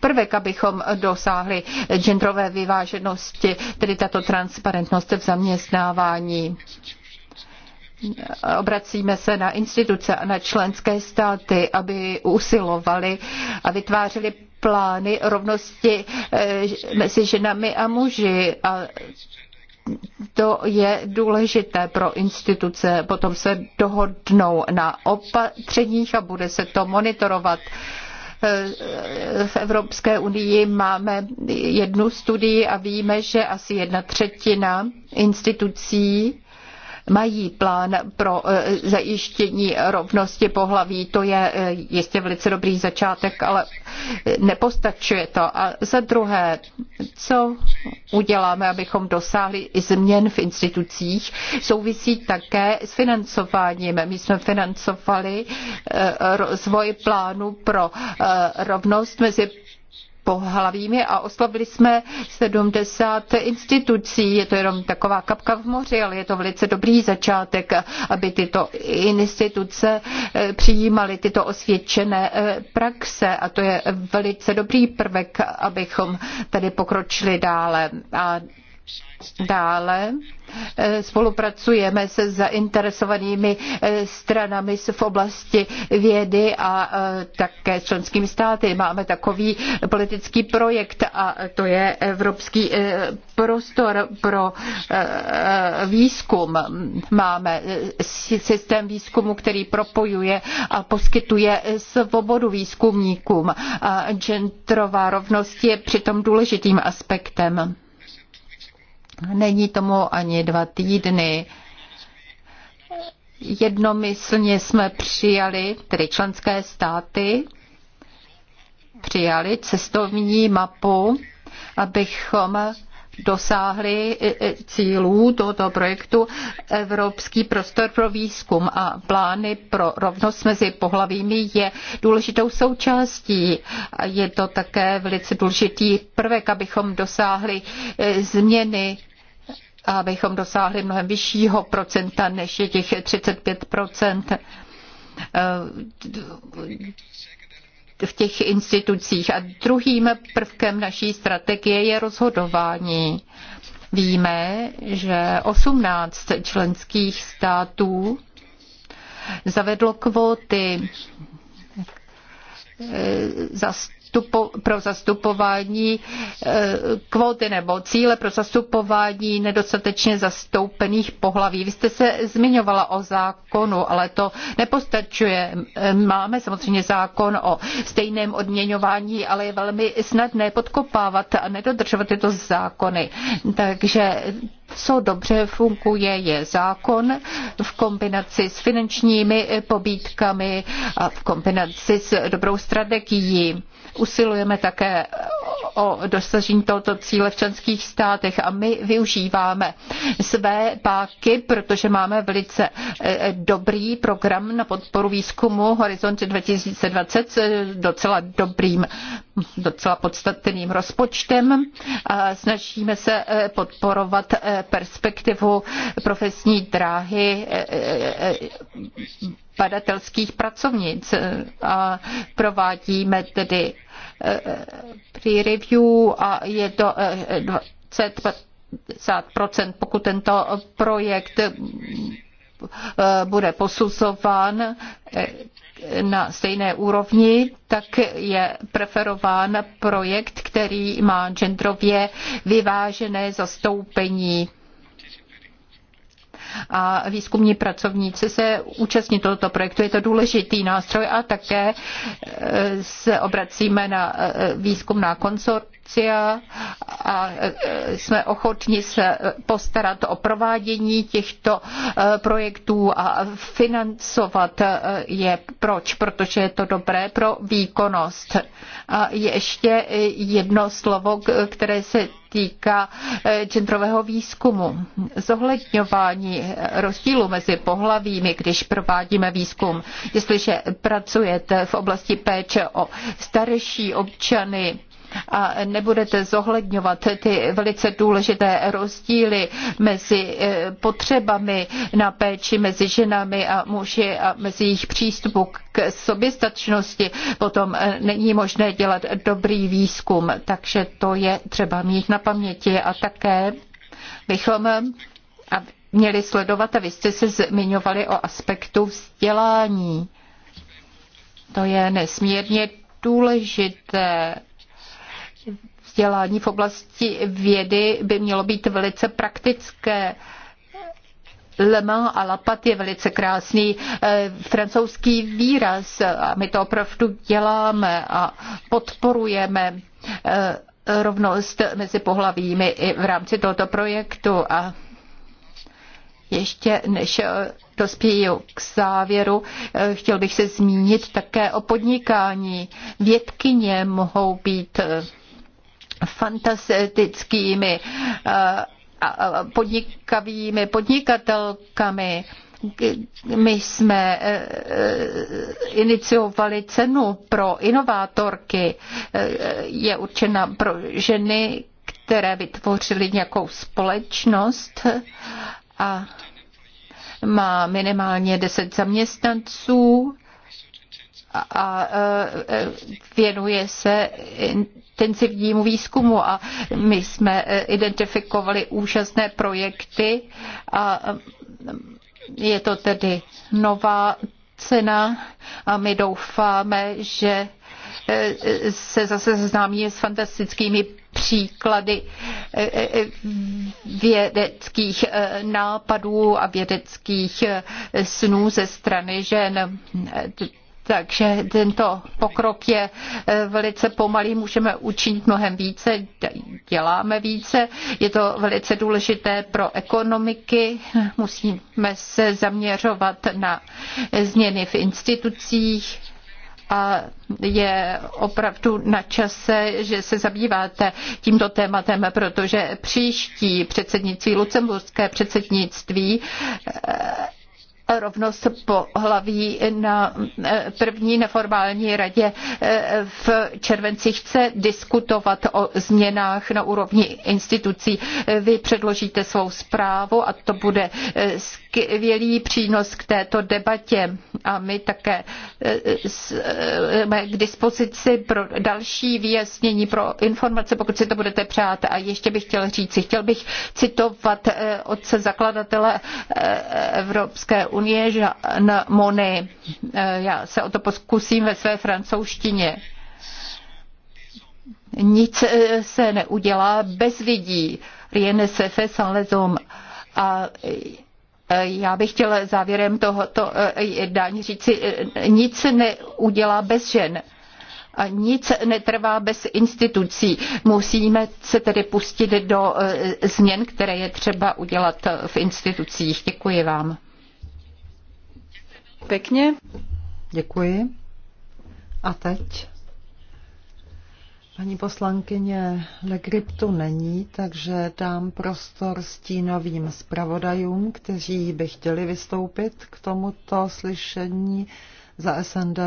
prvek, abychom dosáhli genderové vyváženosti, tedy tato transparentnost v zaměstnávání. Obracíme se na instituce a na členské státy, aby usilovali a vytvářeli plány rovnosti eh, mezi ženami a muži. A to je důležité pro instituce. Potom se dohodnou na opatřeních a bude se to monitorovat v Evropské unii máme jednu studii a víme, že asi jedna třetina institucí mají plán pro eh, zajištění rovnosti pohlaví. To je eh, jistě velice dobrý začátek, ale nepostačuje to. A za druhé, co uděláme, abychom dosáhli změn v institucích, souvisí také s financováním. My jsme financovali eh, rozvoj plánu pro rovnost mezi pohlavími a oslavili jsme 70 institucí. Je to jenom taková kapka v moři, ale je to velice dobrý začátek, aby tyto instituce eh, přijímaly tyto osvědčené eh, praxe a to je velice dobrý prvek, abychom tady pokročili dále. A Dále eh, spolupracujeme se zainteresovanými eh, stranami v oblasti vědy a eh, také s členskými státy. Máme takový politický projekt a to je Evropský prostor pro výzkum. Máme systém výzkumu, který propojuje a poskytuje svobodu výzkumníkům. A genderová rovnost je přitom důležitým aspektem. Není tomu ani dva týdny. Jednomyslně jsme přijali, tedy členské státy, přijali cestovní mapu, abychom dosáhli e, e, cílů tohoto projektu Evropský prostor pro výzkum a plány pro rovnost mezi pohlavími je důležitou součástí. Je to také velice důležitý prvek, abychom dosáhli e, změny abychom dosáhli mnohem vyššího procenta než je těch 35 eh, v těch institucích. A druhým prvkem naší strategie je rozhodování. Víme, že 18 členských států zavedlo kvóty eh, za pro zastupování eh, kvóty nebo cíle pro zastupování nedostatečně zastoupených pohlaví. Vy jste se zmiňovala o zákonu, ale to nepostačuje. Eh, máme samozřejmě zákon o stejném odměňování, ale je velmi snadné podkopávat a nedodržovat tyto zákony. Takže co dobře funguje, je zákon v kombinaci s finančními pobídkami a v kombinaci s dobrou strategií. Usilujeme také o dosažení tohoto cíle v členských státech a my využíváme své páky, protože máme velice e, dobrý program na podporu výzkumu Horizont 2020 s e, docela dobrým, docela podstatným rozpočtem. A snažíme se e, podporovat perspektivu profesní dráhy badatelských pracovnic a provádíme tedy pri review a je to 20%, eh, pokud tento projekt eh, bude posuzován eh, na stejné úrovni, tak je preferován projekt, který má genderově vyvážené zastoupení a výzkumní pracovníci se účastní tohoto projektu. Je to důležitý nástroj a také e, se obracíme na e, výzkumná konsorcia a e, jsme ochotni se postarat o provádění těchto projektů a financovat je. Proč? Protože je to dobré pro výkonnost. A ještě jedno slovo, které se týká genderového eh, výzkumu. Zohledňování rozdílu mezi pohlavími, když provádíme výzkum. Jestliže pracujete v oblasti péče o starší občany, a nebudete zohledňovat ty velice důležité rozdíly mezi eh, potřebami na péči mezi ženami a muži a mezi jejich přístupu k soběstačnosti, potom eh, není možné dělat dobrý výzkum. Takže to je třeba mít na paměti a také bychom eh, a měli sledovat, a vy jste se zmiňovali o aspektu vzdělání. To je nesmírně důležité vzdělání v oblasti vědy by mělo být velice praktické. Le Mans a Lapat je velice krásný e, francouzský výraz a my to opravdu děláme a podporujeme e, rovnost mezi pohlavími i v rámci tohoto projektu a ještě než eh, dospěju k závěru, chtěl bych se zmínit také o podnikání. Vědkyně mohou být fantastickými eh, podnikavými podnikatelkami. My jsme eh, iniciovali cenu pro inovátorky, eh, je určena pro ženy, které vytvořily nějakou společnost a má minimálně 10 zaměstnanců a e, e, věnuje se intenzivnímu výzkumu a my jsme e, identifikovali úžasné projekty a je to tedy nová cena a my doufáme, že se zase známí s fantastickými příklady vědeckých nápadů a vědeckých snů ze strany žen takže tento pokrok je eh, velice pomalý, můžeme učinit mnohem více, děláme více, je to velice důležité pro ekonomiky, musíme se zaměřovat na změny v institucích, a je opravdu na čase, že se zabýváte tímto tématem, protože příští předsednictví, lucemburské předsednictví, eh, rovnost pohlaví na eh, první neformální radě eh, v červenci chce diskutovat o změnách na úrovni institucí. Vy předložíte svou zprávu a to bude skvělé eh, skvělý přínos k této debatě a my také jsme e, e, e, k dispozici pro další vyjasnění, pro informace, pokud si to budete přát. A ještě bych chtěl říci, chtěl bych citovat otce zakladatele Evropské unie, Jean Monet. Já se o to poskusím ve své francouzštině. Nic se neudělá bez lidí. Rien se fait sans les hommes. A Eh, já bych chtěl závěrem tohoto jednání eh, říci, eh, nic neudělá bez žen. A nic netrvá bez institucí. Musíme se tedy pustit do změn, které je třeba udělat v institucích. Děkuji vám. Pěkně. Děkuji. A teď Paní poslankyně Legrip tu není, takže dám prostor stínovým zpravodajům, kteří by chtěli vystoupit k tomuto slyšení za SND.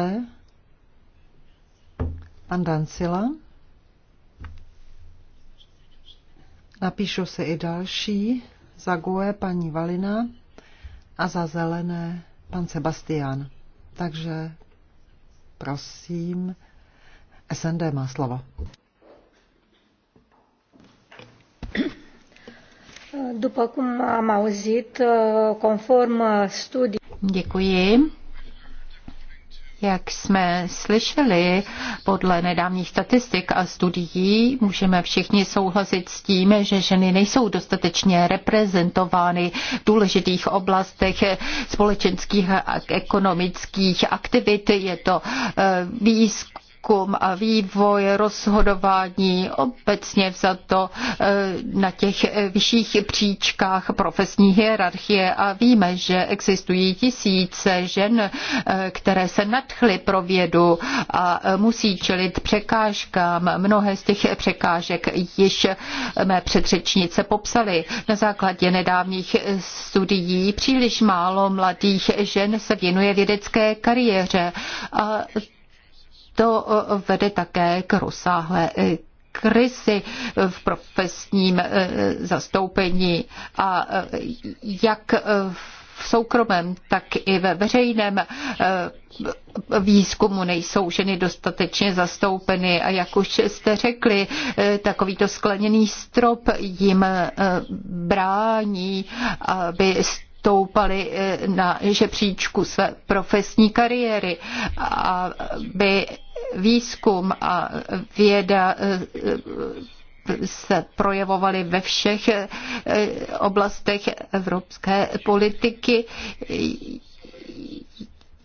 Pan Dancila. Napíšu si i další. Za GUE paní Valina a za zelené pan Sebastian. Takže prosím. SND má slovo. După cum am auzit, conform studii... Děkuji. Jak jsme slyšeli, podle nedávných statistik a studií můžeme všichni souhlasit s tím, že ženy nejsou dostatečně reprezentovány v důležitých oblastech společenských a ekonomických aktivit. Je to eh, výzkum výzkum a vývoj, rozhodování obecně vzato eh, na těch eh, vyšších příčkách profesní hierarchie a víme, že existují tisíce žen, eh, které se nadchly pro vědu a musí čelit překážkám. Mnohé z těch překážek již mé předřečnice popsaly. Na základě nedávných studií příliš málo mladých žen se věnuje vědecké kariéře a to eh, vede také k rozsáhlé eh, krysy v profesním eh, zastoupení a jak v soukromém, tak i ve veřejném výzkumu nejsou ženy dostatečně zastoupeny a jak už jste řekli, takovýto skleněný strop jim brání, aby stoupali eh, na žebříčku své profesní kariéry, aby výzkum a věda eh, se projevovaly ve všech eh, oblastech evropské politiky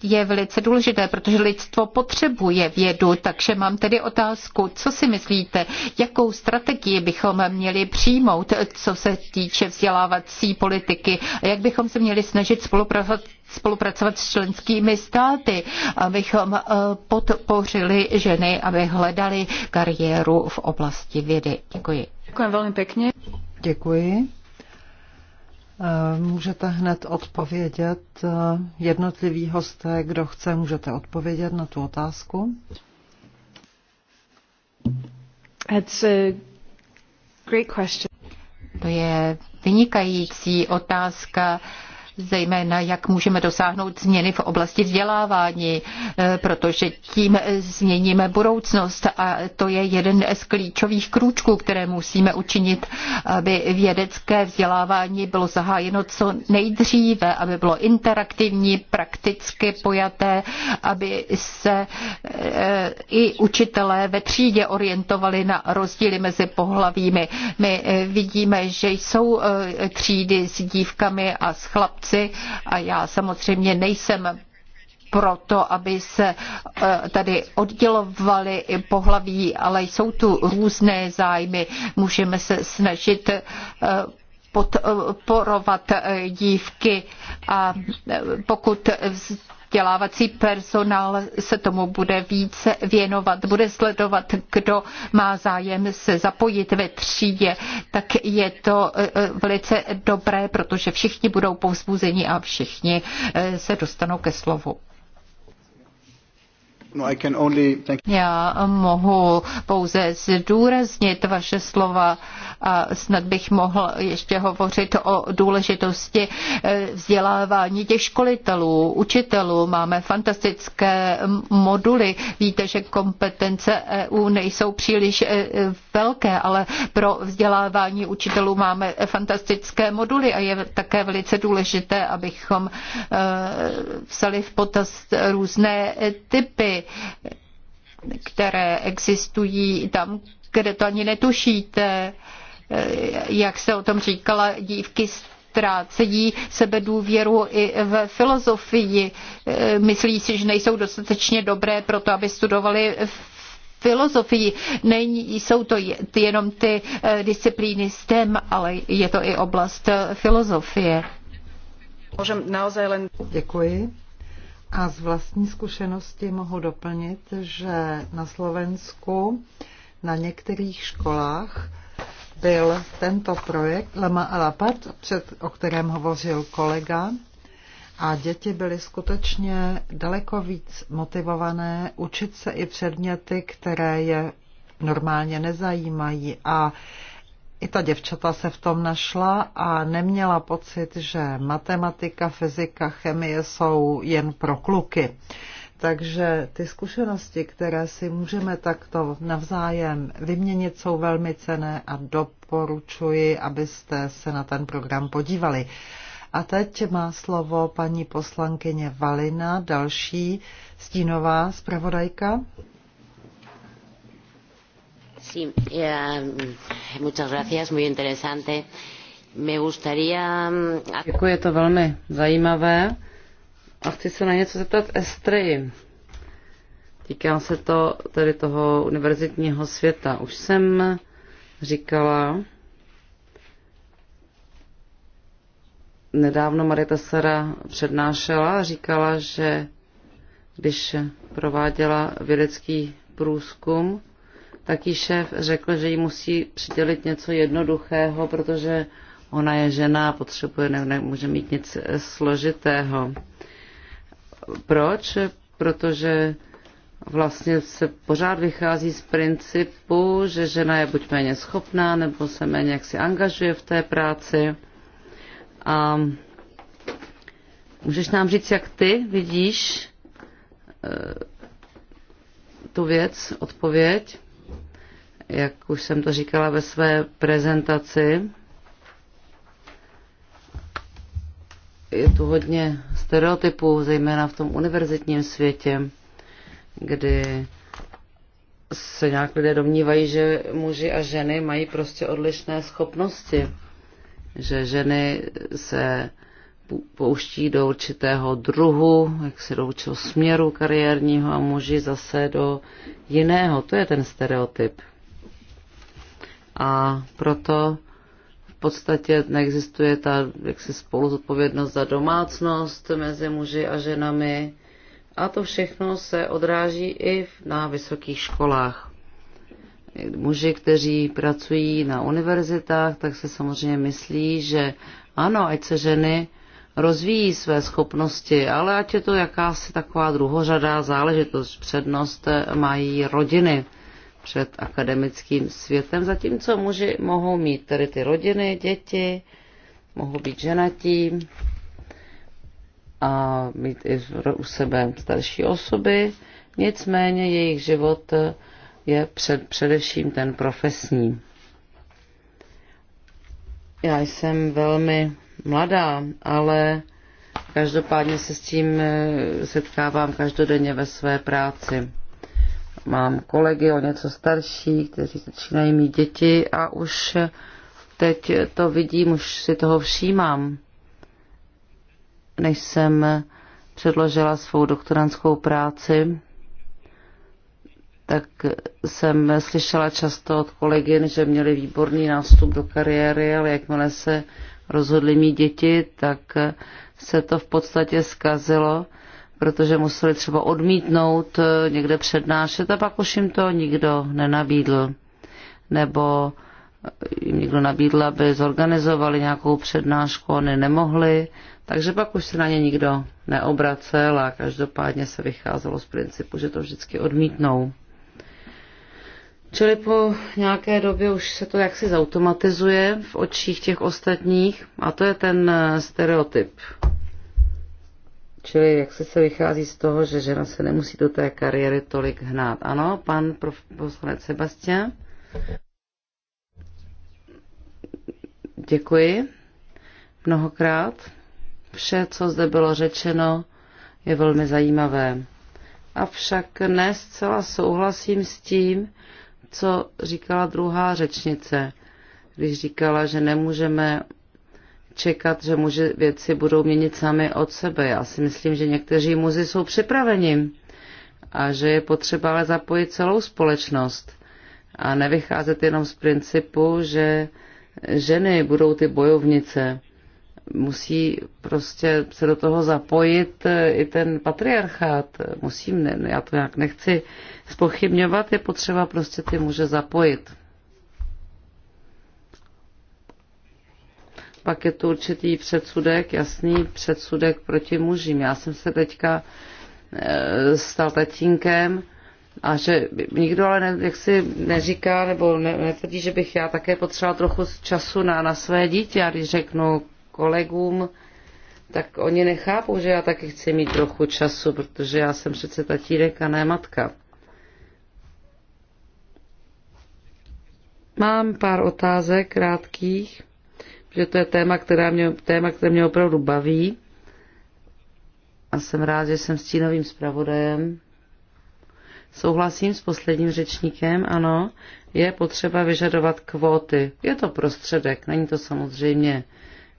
je velice důležité, protože lidstvo potřebuje vědu, takže mám tedy otázku, co si myslíte, jakou strategii bychom měli přijmout, co se týče vzdělávací politiky a jak bychom se měli snažit spolupracovat spolupracovat s členskými státy, abychom eh, podpořili ženy, aby hledali kariéru v oblasti vědy. Děkuji. Děkuji velmi pěkně. Děkuji. Eh, můžete hned odpovědět eh, jednotlivý hosté, kdo chce, můžete odpovědět na tu otázku. It's a great question. To je vynikající otázka. Uh, zejména jak můžeme dosáhnout změny v oblasti vzdělávání, eh, protože tím změníme budoucnost a to je jeden z klíčových krůčků, které musíme učinit, aby vědecké vzdělávání bylo zahájeno co nejdříve, aby bylo interaktivní, prakticky pojaté, aby se eh, i učitelé ve třídě orientovali na rozdíly mezi pohlavími. My eh, vidíme, že jsou třídy s dívkami a s chlapci, korupci a já samozřejmě nejsem proto, aby se eh, tady oddělovali pohlaví, ale jsou tu různé zájmy. Můžeme se snažit eh, podporovat eh, dívky a pokud vzdělávací personál se tomu bude více věnovat, bude sledovat, kdo má zájem se zapojit ve třídě, tak je to e, e, velice dobré, protože všichni budou povzbuzeni a všichni e, se dostanou ke slovu. No, I can only... Já mohu pouze zdůraznit vaše slova. A snad bych mohl ještě hovořit o důležitosti eh, vzdělávání těch školitelů, učitelů. Máme fantastické moduly. Víte, že kompetence EU nejsou příliš eh, velké, ale pro vzdělávání učitelů máme fantastické moduly a je také velice důležité, abychom eh, vzali v potaz různé typy které existují tam, kde to ani netušíte. Eh, jak se o tom říkala, dívky ztrácejí důvěru i v filozofii. Eh, myslí si, že nejsou dostatečně dobré pro to, aby studovali filozofii. Není, jsou to jenom ty eh, disciplíny STEM, ale je to i oblast filozofie. Můžem naozaj len... Děkuji. A z vlastní zkušenosti mohu doplnit, že na Slovensku na některých školách byl tento projekt Lema Alapat, před, o kterém hovořil kolega. A děti byly skutečně daleko víc motivované učit se i předměty, které je normálně nezajímají. A i ta děvčata se v tom našla a neměla pocit, že matematika, fyzika, chemie jsou jen pro kluky. Takže ty zkušenosti, které si můžeme takto navzájem vyměnit, jsou velmi cené a doporučuji, abyste se na ten program podívali. A teď má slovo paní poslankyně Valina, další stínová zpravodajka. Sí, eh, muchas gracias, muy interesante. Me gustaría... Mm, Děkuji, je to velmi zajímavé. A chci se na něco zeptat Estreji. Týká se to tedy toho univerzitního světa. Už jsem říkala nedávno Marita Sara přednášela a říkala, že když prováděla vědecký průzkum, tak jí šéf řekl, že jí musí přidělit něco jednoduchého, protože ona je žena a potřebuje, ne, nemůže mít nic složitého. Proč? Protože vlastně se pořád vychází z principu, že žena je buď méně schopná, nebo se méně jaksi angažuje v té práci. A můžeš nám říct, jak ty vidíš eh, tu věc, odpověď, jak už jsem to říkala ve své prezentaci. je tu hodně stereotypů, zejména v tom univerzitním světě, kdy se nějak lidé domnívají, že muži a ženy mají prostě odlišné schopnosti, že ženy se pouští do určitého druhu, jak se do určitého směru kariérního a muži zase do jiného. To je ten stereotyp. A proto podstatě neexistuje ta jaksi spolu zodpovědnost za domácnost mezi muži a ženami. A to všechno se odráží i na vysokých školách. Muži, kteří pracují na univerzitách, tak se samozřejmě myslí, že ano, ať se ženy rozvíjí své schopnosti, ale ať je to jakási taková druhořadá záležitost. Přednost mají rodiny před akademickým světem, zatímco muži mohou mít tedy ty rodiny, děti, mohou být ženatí a mít i u sebe starší osoby, nicméně jejich život je před, především ten profesní. Já jsem velmi mladá, ale každopádně se s tím eh, setkávám každodenně ve své práci mám kolegy o něco starší, kteří začínají mít děti a už teď to vidím, už si toho všímám. Než jsem předložila svou doktorantskou práci, tak jsem slyšela často od kolegyn, že měli výborný nástup do kariéry, ale jakmile se rozhodli mít děti, tak se to v podstatě zkazilo protože museli třeba odmítnout eh, někde přednášet a pak už jim to nikdo nenabídl. Nebo eh, jim někdo nabídl, aby zorganizovali nějakou přednášku, oni nemohli, takže pak už se na ně nikdo neobracel a každopádně se vycházelo z principu, že to vždycky odmítnou. Čili po nějaké době už se to jaksi zautomatizuje v očích těch ostatních a to je ten eh, stereotyp, Čili jak se se vychází z toho, že žena se nemusí do té kariéry tolik hnát. Ano, pan poslanec Sebastian. Děkuji mnohokrát. Vše, co zde bylo řečeno, je velmi zajímavé. Avšak ne zcela souhlasím s tím, co říkala druhá řečnice, když říkala, že nemůžeme čekat, že muži věci budou měnit sami od sebe. Já si myslím, že někteří muži jsou připraveni a že je potřeba ale zapojit celou společnost a nevycházet jenom z principu, že ženy budou ty bojovnice. Musí prostě se do toho zapojit i ten patriarchát. Musím, ne, já to nějak nechci spochybňovat, je potřeba prostě ty muže zapojit. pak je tu určitý předsudek, jasný předsudek proti mužím. Já jsem se teďka eh, stal tatínkem a že nikdo ale ne, jak si neříká nebo ne, netvrdí, že bych já také potřeboval trochu času na, na své dítě. Já když řeknu kolegům, tak oni nechápou, že já taky chci mít trochu času, protože já jsem přece tatínek a ne matka. Mám pár otázek krátkých že to je téma, která mě, téma, které mě opravdu baví a jsem rád, že jsem stínovým zpravodajem. Souhlasím s posledním řečníkem, ano, je potřeba vyžadovat kvóty. Je to prostředek, není to samozřejmě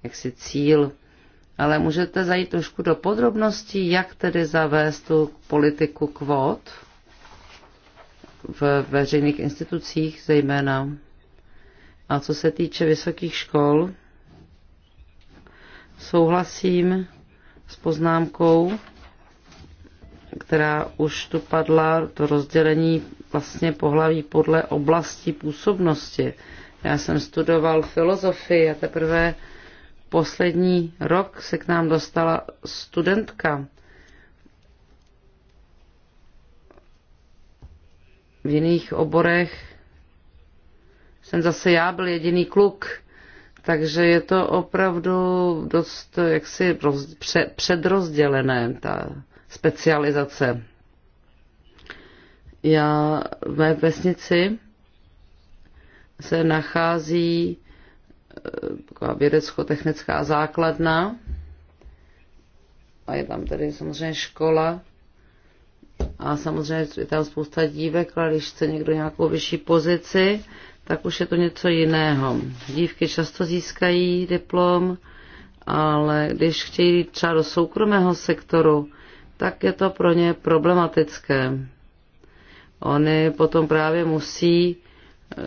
jaksi cíl, ale můžete zajít trošku do podrobností, jak tedy zavést tu politiku kvót v veřejných institucích zejména. A co se týče vysokých škol, Souhlasím s poznámkou, která už tu padla, to rozdělení vlastně pohlaví podle oblasti působnosti. Já jsem studoval filozofii a teprve poslední rok se k nám dostala studentka. V jiných oborech jsem zase já byl jediný kluk takže je to opravdu dost jaksi roz, pře, předrozdělené, ta specializace. Já v mé vesnici se nachází eh, taková vědecko-technická základna a je tam tedy samozřejmě škola a samozřejmě je tam spousta dívek, ale když chce někdo nějakou vyšší pozici, tak už je to něco jiného. Dívky často získají diplom, ale když chtějí jít třeba do soukromého sektoru, tak je to pro ně problematické. Oni potom právě musí eh,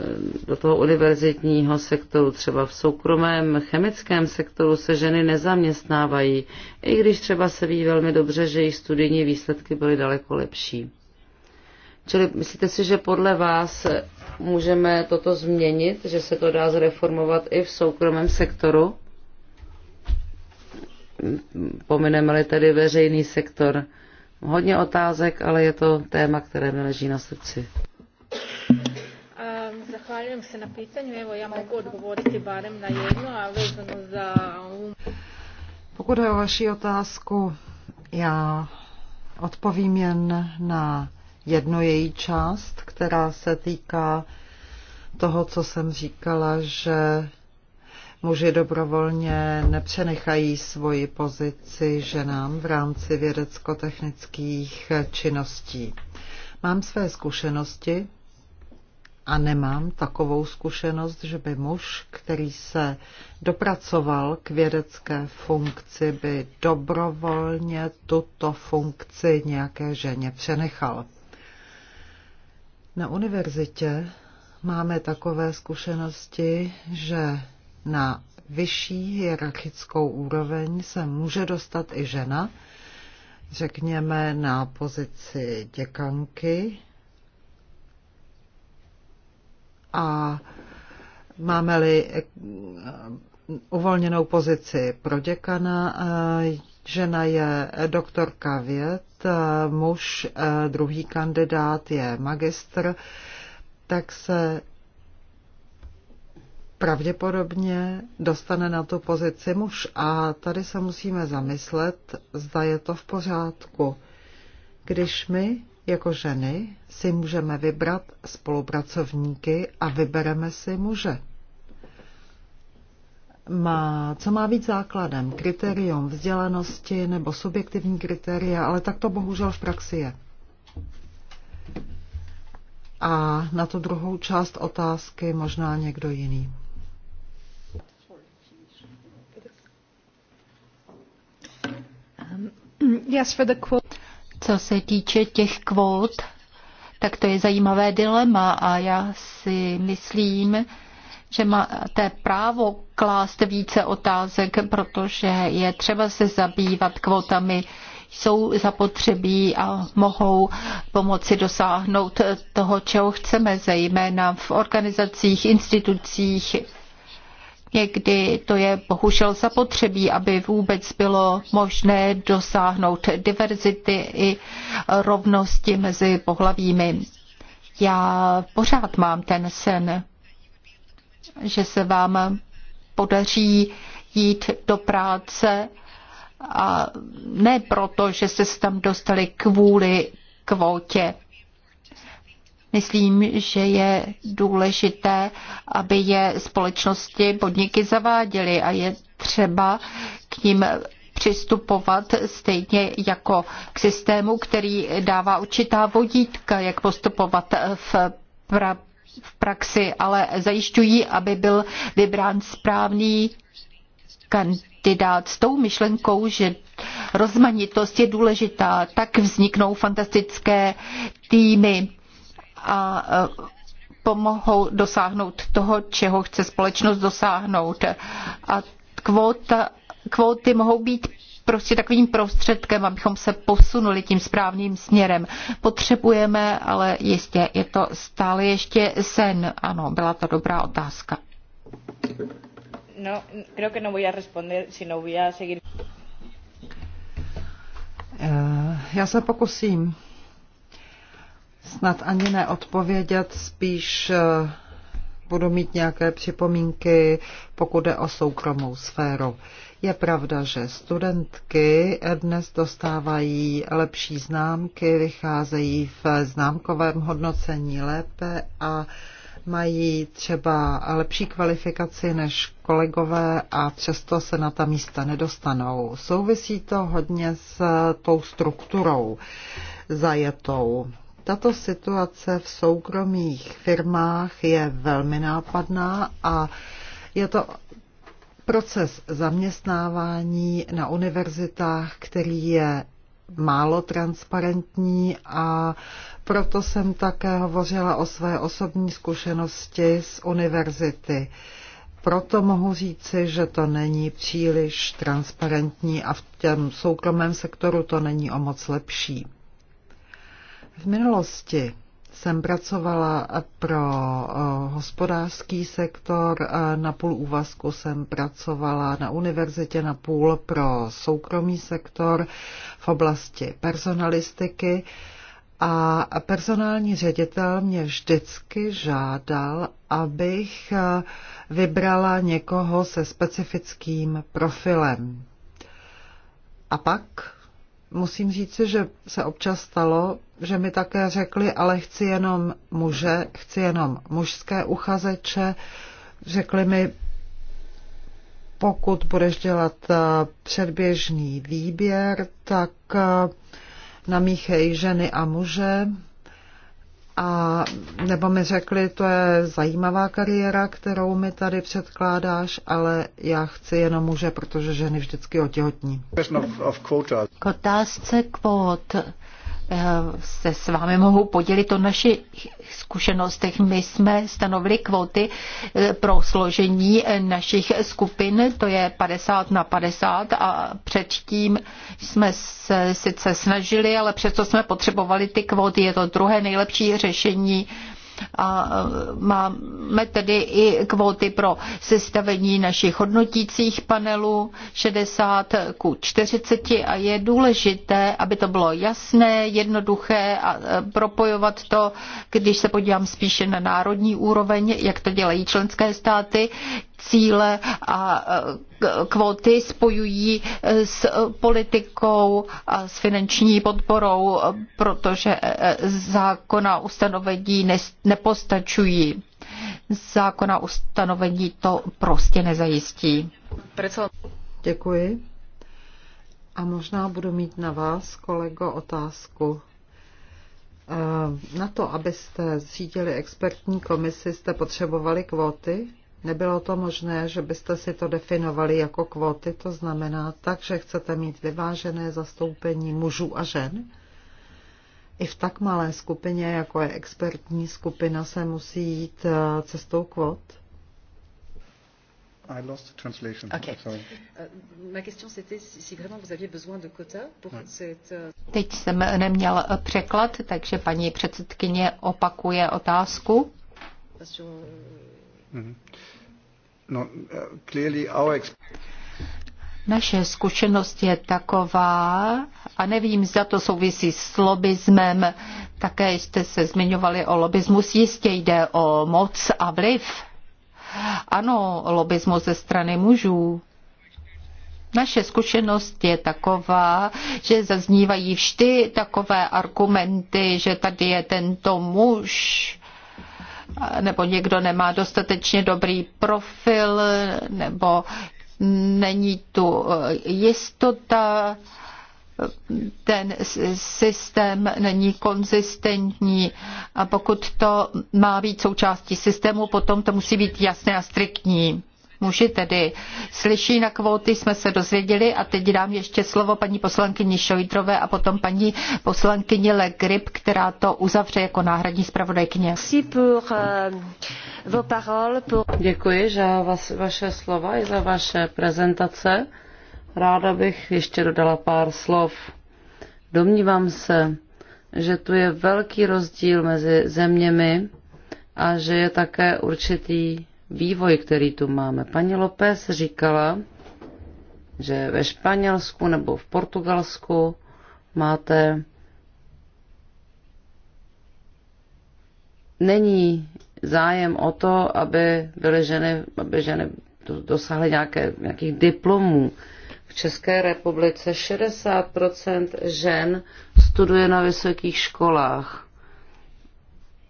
do toho univerzitního sektoru, třeba v soukromém chemickém sektoru se ženy nezaměstnávají, i když třeba se ví velmi dobře, že jejich studijní výsledky byly daleko lepší. Čili myslíte si, že podle vás můžeme toto změnit, že se to dá zreformovat i v soukromém sektoru? Pomineme-li tedy veřejný sektor. Hodně otázek, ale je to téma, které mi leží na srdci. Ehm, zahvaljujem se na pitanju. Evo, ja mogu odgovoriti barem na jedno, a vezano za... Pokud je o vaši otázku, já odpovím jen na jednu její část, která se týká toho, co jsem říkala, že muži dobrovolně nepřenechají svoji pozici ženám v rámci vědecko-technických činností. Mám své zkušenosti a nemám takovou zkušenost, že by muž, který se dopracoval k vědecké funkci, by dobrovolně tuto funkci nějaké ženě přenechal. Na univerzitě máme takové zkušenosti, že na vyšší hierarchickou úroveň se může dostat i žena, řekněme na pozici děkanky. A máme-li uvolněnou pozici pro děkana, Žena je doktorka věd, muž, eh, druhý kandidát je magistr, tak se pravděpodobně dostane na tu pozici muž. A tady se musíme zamyslet, zda je to v pořádku. Když my jako ženy si můžeme vybrat spolupracovníky a vybereme si muže má, co má být základem, kritérium vzdělanosti nebo subjektivní kritéria, ale tak to bohužel v praxi je. A na tu druhou část otázky možná někdo jiný. Co se týče těch kvót, tak to je zajímavé dilema a já si myslím, že máte právo klást více otázek, protože je třeba se zabývat kvotami jsou zapotřebí a mohou pomoci dosáhnout toho, čeho chceme, zejména v organizacích, institucích. Někdy to je bohužel zapotřebí, aby vůbec bylo možné dosáhnout diverzity i rovnosti mezi pohlavími. Já pořád mám ten sen že se vám podaří jít do práce a ne proto, že jste se tam dostali kvůli kvótě. Myslím, že je důležité, aby je společnosti podniky zaváděly a je třeba k ním přistupovat stejně jako k systému, který dává určitá vodítka, jak postupovat v pra- v praxi, ale zajišťují, aby byl vybrán správný kandidát s tou myšlenkou, že rozmanitost je důležitá, tak vzniknou fantastické týmy a e, pomohou dosáhnout toho, čeho chce společnost dosáhnout. A kvóta, kvóty mohou být prostě takovým prostředkem, abychom se posunuli tím správným směrem. Potřebujeme, ale jistě je to stále ještě sen. Ano, byla to dobrá otázka. No, creo que no voy a responder, sino voy a seguir. Eh, já se pokusím snad ani neodpovědět, spíš eh, budu mít nějaké připomínky, pokud jde o soukromou sféru. Je pravda, že studentky dnes dostávají lepší známky, vycházejí v známkovém hodnocení lépe a mají třeba lepší kvalifikaci než kolegové a přesto se na ta místa nedostanou. Souvisí to hodně s tou strukturou zajetou. Tato situace v soukromých firmách je velmi nápadná a je to proces zaměstnávání na univerzitách, který je málo transparentní a proto jsem také hovořila o své osobní zkušenosti z univerzity. Proto mohu říci, že to není příliš transparentní a v těm soukromém sektoru to není o moc lepší. V minulosti jsem pracovala pro eh, hospodářský sektor, eh, na půl úvazku jsem pracovala na univerzitě, na půl pro soukromý sektor v oblasti personalistiky. A personální ředitel mě vždycky žádal, abych eh, vybrala někoho se specifickým profilem. A pak musím říct, že se občas stalo, že mi také řekli, ale chci jenom muže, chci jenom mužské uchazeče. Řekli mi, pokud budeš dělat eh, předběžný výběr, tak eh, namíchej ženy a muže a nebo mi řekli, to je zajímavá kariéra, kterou mi tady předkládáš, ale já chci jenom muže, protože ženy vždycky otěhotní. K otázce kvót. Eh, se s vámi mohu podělit o našich zkušenostech. My jsme stanovili kvóty eh, pro složení eh, našich skupin, to je 50 na 50 a předtím jsme se sice snažili, ale přesto jsme potřebovali ty kvóty. Je to druhé nejlepší řešení a e, máme tedy i kvóty pro sestavení našich hodnotících panelů 60 ku 40 a je důležité, aby to bylo jasné, jednoduché a e, propojovat to, když se podívám spíše na národní úroveň, jak to dělají členské státy, cíle a kvóty spojují s politikou a s finanční podporou, protože zákona ustanovení nepostačují. Zákona ustanovení to prostě nezajistí. Děkuji. A možná budu mít na vás, kolego, otázku. Eh, na to, abyste zřídili expertní komisi, jste potřebovali kvóty? Nebylo to možné, že byste si to definovali jako kvóty, to znamená tak, že chcete mít vyvážené zastoupení mužů a žen? I v tak malé skupině, jako je expertní skupina, se musí jít eh, cestou kvót? I lost translation. Okay. Sorry. Eh, ma question c'était si vraiment vous aviez besoin de quota pour cette... Euh, Teď jsem neměl eh, překlad, takže paní předsedkyně opakuje otázku. Euh, Mhm. No, Naše zkušenost je taková, a nevím, zda to souvisí s lobismem, také jste se zmiňovali o lobismus, jistě jde o moc a vliv. Ano, lobismus ze strany mužů. Naše zkušenost je taková, že zaznívají vždy takové argumenty, že tady je tento muž, nebo někdo nemá dostatečně dobrý profil, nebo není tu eh, jistota, ten systém není konzistentní a pokud to má být součástí systému, potom to musí být jasné a striktní muži tedy slyší na kvóty, jsme se dozvěděli a teď dám ještě slovo paní poslankyni Šojdrové a potom paní poslankyni Le Grip, která to uzavře jako náhradní zpravodajkyně. Euh, Děkuji za vaše slova i za vaše prezentace. Ráda bych ještě dodala pár slov. Domnívám se, že tu je velký rozdíl mezi zeměmi a že je také určitý vývoj, který tu máme. Paní López říkala, že ve Španělsku nebo v Portugalsku máte není zájem o to, aby byly ženy, aby ženy dosáhly nějaké, nějakých diplomů. V České republice 60% žen studuje na vysokých školách.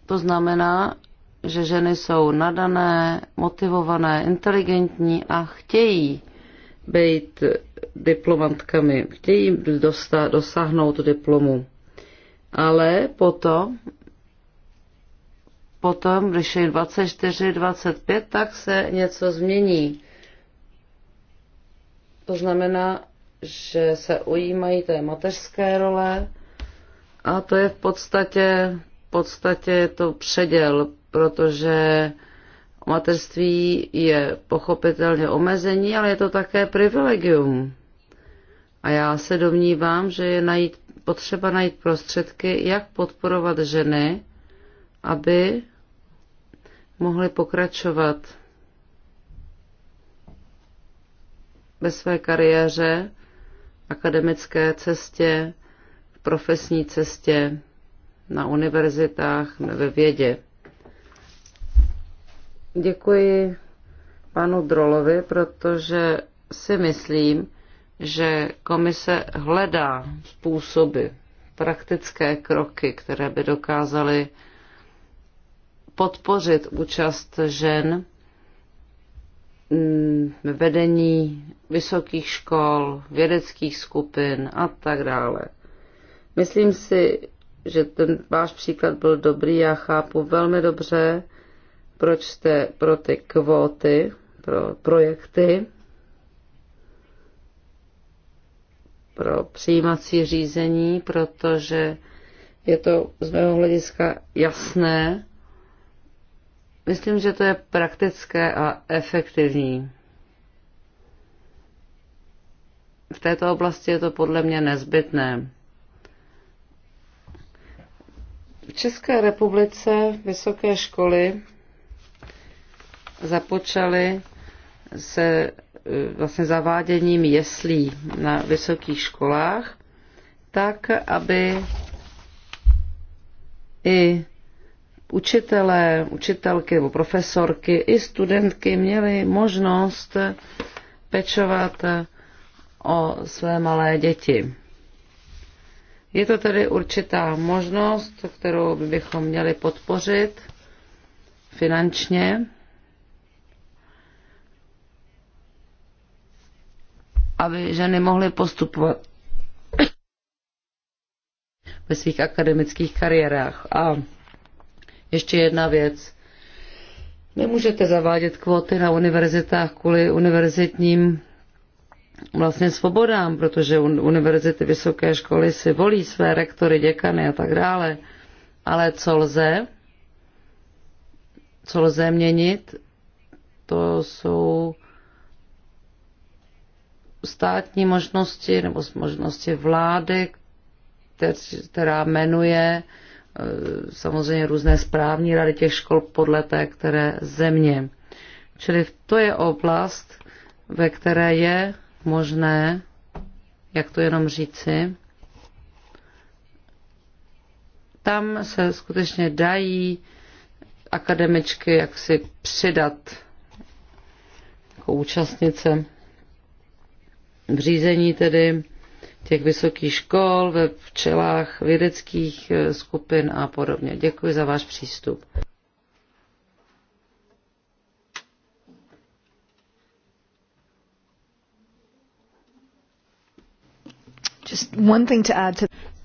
To znamená, že ženy jsou nadané, motivované, inteligentní a chtějí být diplomantkami, chtějí dosta, dosáhnout diplomu. Ale potom, potom, když je 24, 25, tak se něco změní. To znamená, že se ujímají té mateřské role a to je v podstatě, v podstatě je to předěl protože mateřství je pochopitelně omezení, ale je to také privilegium. A já se domnívám, že je najít, potřeba najít prostředky, jak podporovat ženy, aby mohly pokračovat ve své kariéře, akademické cestě, profesní cestě, na univerzitách, ve vědě. Děkuji panu Drolovi, protože si myslím, že komise hledá způsoby, praktické kroky, které by dokázaly podpořit účast žen v vedení vysokých škol, vědeckých skupin a tak dále. Myslím si, že ten váš příklad byl dobrý, já chápu velmi dobře, proč jste pro ty kvóty, pro projekty, pro přijímací řízení, protože je to z mého hlediska jasné. Myslím, že to je praktické a efektivní. V této oblasti je to podle mě nezbytné. V České republice vysoké školy započali se eh, vlastně zaváděním jeslí na vysokých školách, tak aby i učitelé, učitelky nebo profesorky i studentky měli možnost pečovat o své malé děti. Je to tedy určitá možnost, kterou bychom měli podpořit finančně aby ženy mohly postupovat ve svých akademických kariérách. A ještě jedna věc. Nemůžete zavádět kvóty na univerzitách kvůli univerzitním vlastně svobodám, protože univerzity, vysoké školy si volí své rektory, děkany a tak dále. Ale co lze, co lze měnit, to jsou státní možnosti nebo možnosti vlády, která jmenuje e, samozřejmě různé správní rady těch škol podle té, které země. Čili to je oblast, ve které je možné, jak to jenom říci, tam se skutečně dají akademičky jaksi přidat jako účastnice v řízení tedy těch vysokých škol, ve včelách vědeckých eh, skupin a podobně. Děkuji za váš přístup.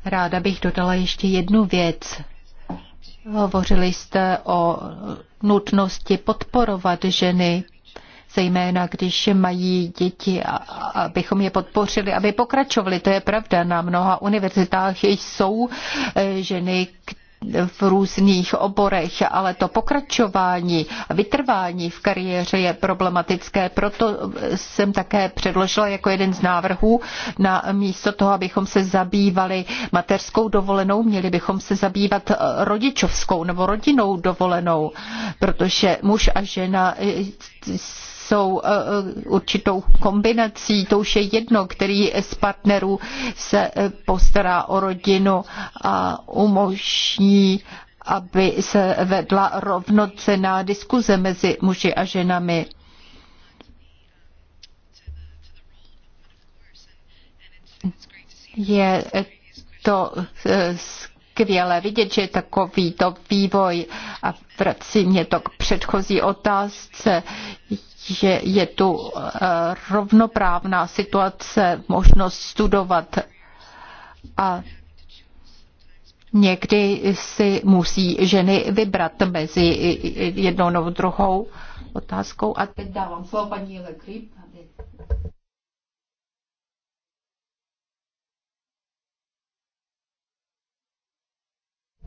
Ráda bych dodala ještě jednu věc. Hovořili jste o nutnosti podporovat ženy zejména když mají děti, a abychom je podpořili, aby pokračovali. To je pravda, na mnoha univerzitách jsou eh, ženy, v různých oborech, ale to pokračování, vytrvání v kariéře je problematické. Proto jsem také předložila jako jeden z návrhů na místo toho, abychom se zabývali mateřskou dovolenou, měli bychom se zabývat eh, rodičovskou nebo rodinou dovolenou, protože muž a žena eh, jsou eh, eh, určitou kombinací, to už je jedno, který z partnerů se eh, postará o rodinu a umožní, aby se vedla rovnocená diskuze mezi muži a ženami. Je to skvělé vidět, že je takový to vývoj a vrací mě to k předchozí otázce, že je tu eh, rovnoprávná situace, možnost studovat a někdy si musí ženy vybrat mezi jednou nebo druhou otázkou. A teď dávám slovo paní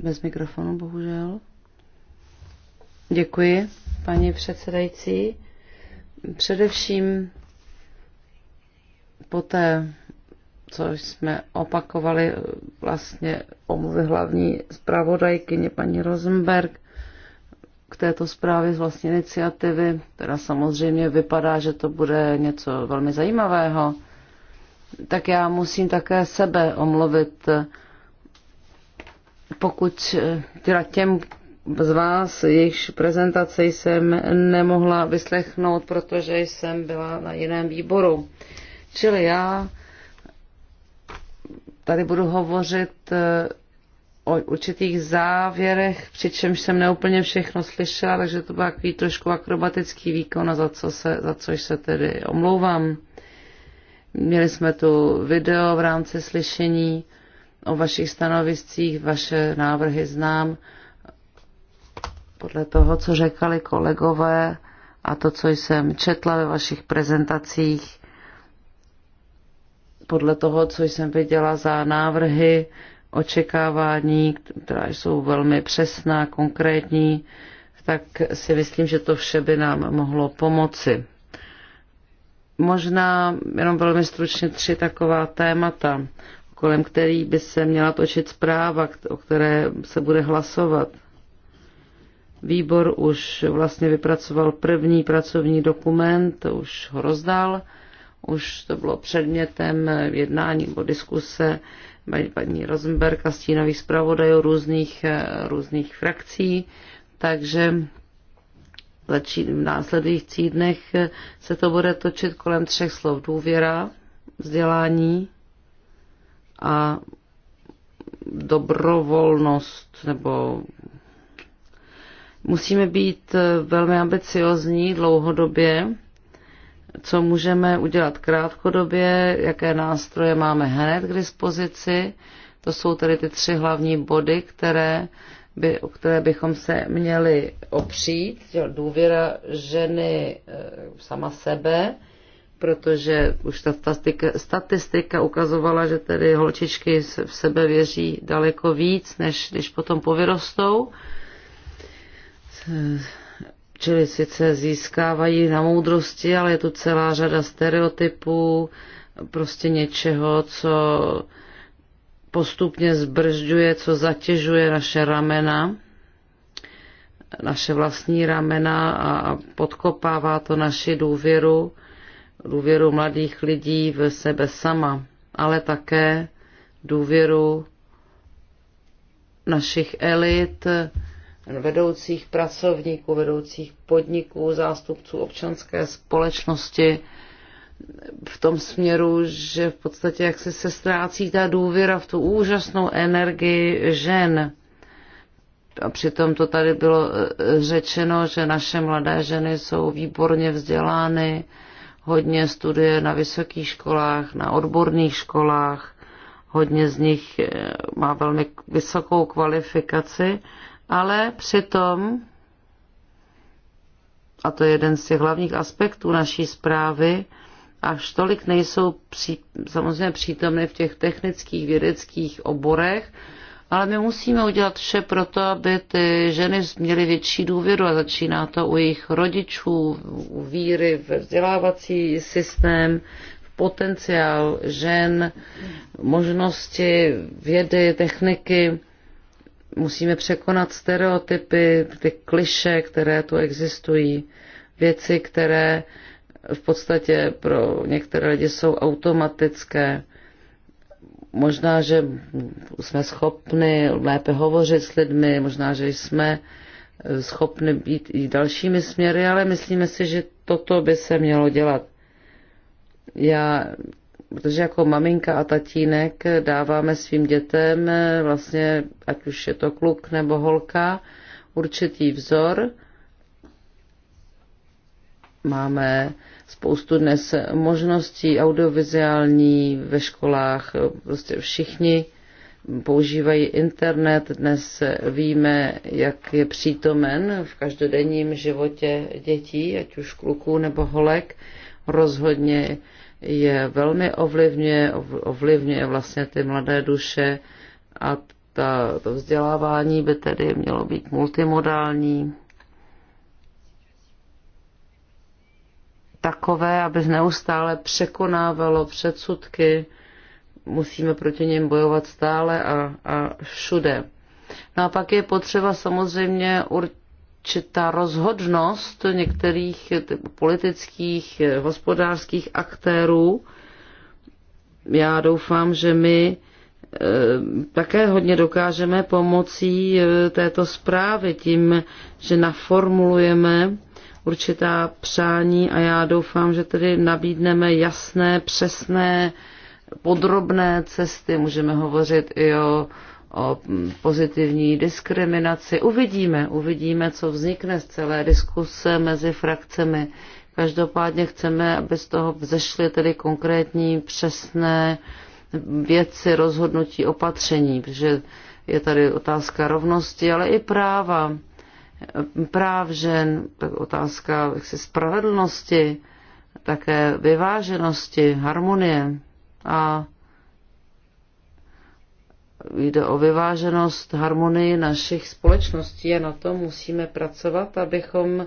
Bez mikrofonu, bohužel. Děkuji, paní předsedající. Především poté, co jsme opakovali vlastně omluvy hlavní zpravodajkyně paní Rosenberg k této zprávě z vlastní iniciativy, která samozřejmě vypadá, že to bude něco velmi zajímavého, tak já musím také sebe omluvit, pokud těm, z vás, jejichž prezentace jsem nemohla vyslechnout, protože jsem byla na jiném výboru. Čili já tady budu hovořit eh, o určitých závěrech, přičemž jsem neúplně všechno slyšela, takže to byl takový trošku akrobatický výkon, a za, co se, za což se tedy omlouvám. Měli jsme tu video v rámci slyšení o vašich stanoviscích, vaše návrhy znám podle toho, co řekali kolegové a to, co jsem četla ve vašich prezentacích, podle toho, co jsem viděla za návrhy, očekávání, která jsou velmi přesná, konkrétní, tak si myslím, že to vše by nám mohlo pomoci. Možná jenom velmi stručně tři taková témata, kolem kterých by se měla točit zpráva, o které se bude hlasovat – Výbor už vlastně vypracoval první pracovní dokument, už ho rozdal, už to bylo předmětem jednání nebo diskuse paní Rosenberg a zpravodaj o různých, různých frakcí, takže v následujících dnech se to bude točit kolem třech slov důvěra, vzdělání a dobrovolnost nebo Musíme být eh, velmi ambiciozní dlouhodobě, co můžeme udělat krátkodobě, jaké nástroje máme hned k dispozici. To jsou tedy ty tři hlavní body, které by, o které bychom se měli opřít. Důvěra ženy eh, sama sebe, protože už ta statistika, statistika ukazovala, že tedy holčičky v sebe věří daleko víc, než když potom povyrostou. Eh, čili sice získávají na moudrosti, ale je tu celá řada stereotypů, prostě něčeho, co postupně zbržďuje, co zatěžuje naše ramena, naše vlastní ramena a podkopává to naši důvěru, důvěru mladých lidí v sebe sama, ale také důvěru našich elit, vedoucích pracovníků, vedoucích podniků, zástupců občanské společnosti v tom směru, že v podstatě jak se, se ztrácí ta důvěra v tu úžasnou energii žen. A přitom to tady bylo e, řečeno, že naše mladé ženy jsou výborně vzdělány, hodně studuje na vysokých školách, na odborných školách, hodně z nich e, má velmi vysokou kvalifikaci ale přitom, a to je jeden z těch hlavních aspektů naší zprávy, až tolik nejsou pří, samozřejmě přítomny v těch technických vědeckých oborech, ale my musíme udělat vše pro to, aby ty ženy měly větší důvěru a začíná to u jejich rodičů, u víry v vzdělávací systém, v potenciál žen, možnosti vědy, techniky musíme překonat stereotypy, ty kliše, které tu existují, věci, které v podstatě pro některé lidi jsou automatické. Možná, že jsme schopni lépe hovořit s lidmi, možná, že jsme schopni být i dalšími směry, ale myslíme si, že toto by se mělo dělat. Já Protože jako maminka a tatínek dáváme svým dětem, eh, vlastně ať už je to kluk nebo holka, určitý vzor. Máme spoustu dnes možností audiovizuální ve školách, prostě všichni používají internet, dnes víme, jak je přítomen v každodenním životě dětí, ať už kluků nebo holek. Rozhodně je velmi ovlivňuje, ovlivňuje vlastně ty mladé duše a ta, to vzdělávání by tedy mělo být multimodální, takové, aby neustále překonávalo předsudky, musíme proti něm bojovat stále a, a všude. No a pak je potřeba samozřejmě určitě určitá rozhodnost některých politických, hospodářských aktérů. Já doufám, že my eh, také hodně dokážeme pomocí eh, této zprávy tím, že naformulujeme určitá přání a já doufám, že tedy nabídneme jasné, přesné, podrobné cesty. Můžeme hovořit i o o pozitivní diskriminaci. Uvidíme, uvidíme, co vznikne z celé diskuse mezi frakcemi. Každopádně chceme, aby z toho vzešly tedy konkrétní, přesné věci, rozhodnutí, opatření, protože je tady otázka rovnosti, ale i práva, práv žen, tak otázka jaksi spravedlnosti, také vyváženosti, harmonie a jde o vyváženost, harmonii našich společností a na to musíme pracovat, abychom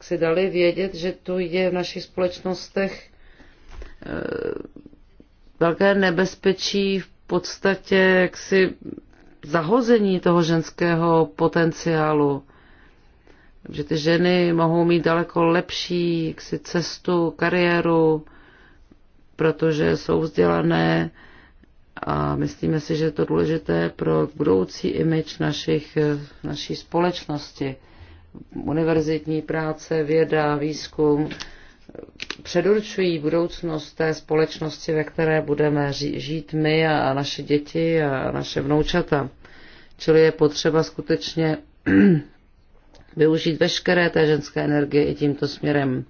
si dali vědět, že tu je v našich společnostech eh, velké nebezpečí v podstatě jaksi zahození toho ženského potenciálu. Že ty ženy mohou mít daleko lepší jaksi, cestu, kariéru, protože jsou vzdělané, a myslíme si, že je to důležité pro budoucí image našich, naší společnosti. Univerzitní práce, věda, výzkum předurčují budoucnost té společnosti, ve které budeme žít my a naše děti a naše vnoučata. Čili je potřeba skutečně využít veškeré té ženské energie i tímto směrem.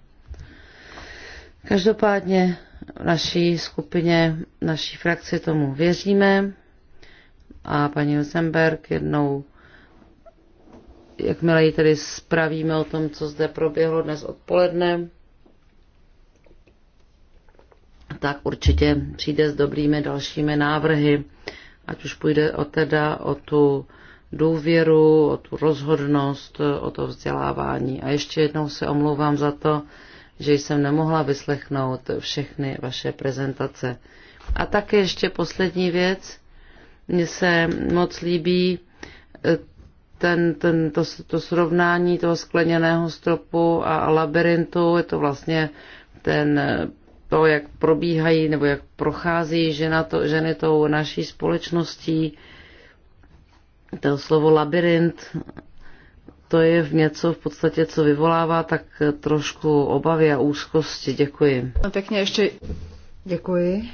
Každopádně naší skupině, naší frakci tomu věříme a paní Rosenberg jednou jakmile ji tedy spravíme o tom, co zde proběhlo dnes odpoledne, tak určitě přijde s dobrými dalšími návrhy, ať už půjde o teda o tu důvěru, o tu rozhodnost, o to vzdělávání. A ještě jednou se omlouvám za to, že jsem nemohla vyslechnout všechny vaše prezentace. A také ještě poslední věc. Mně se moc líbí eh, ten, ten, to, to srovnání toho skleněného stropu a, a labirintu. Je to vlastně ten, eh, to, jak probíhají nebo jak prochází žena to, ženy tou naší společností. To slovo labirint to je v něco v podstatě, co vyvolává tak trošku obavy a úzkosti. Děkuji. No pěkně ještě. Děkuji.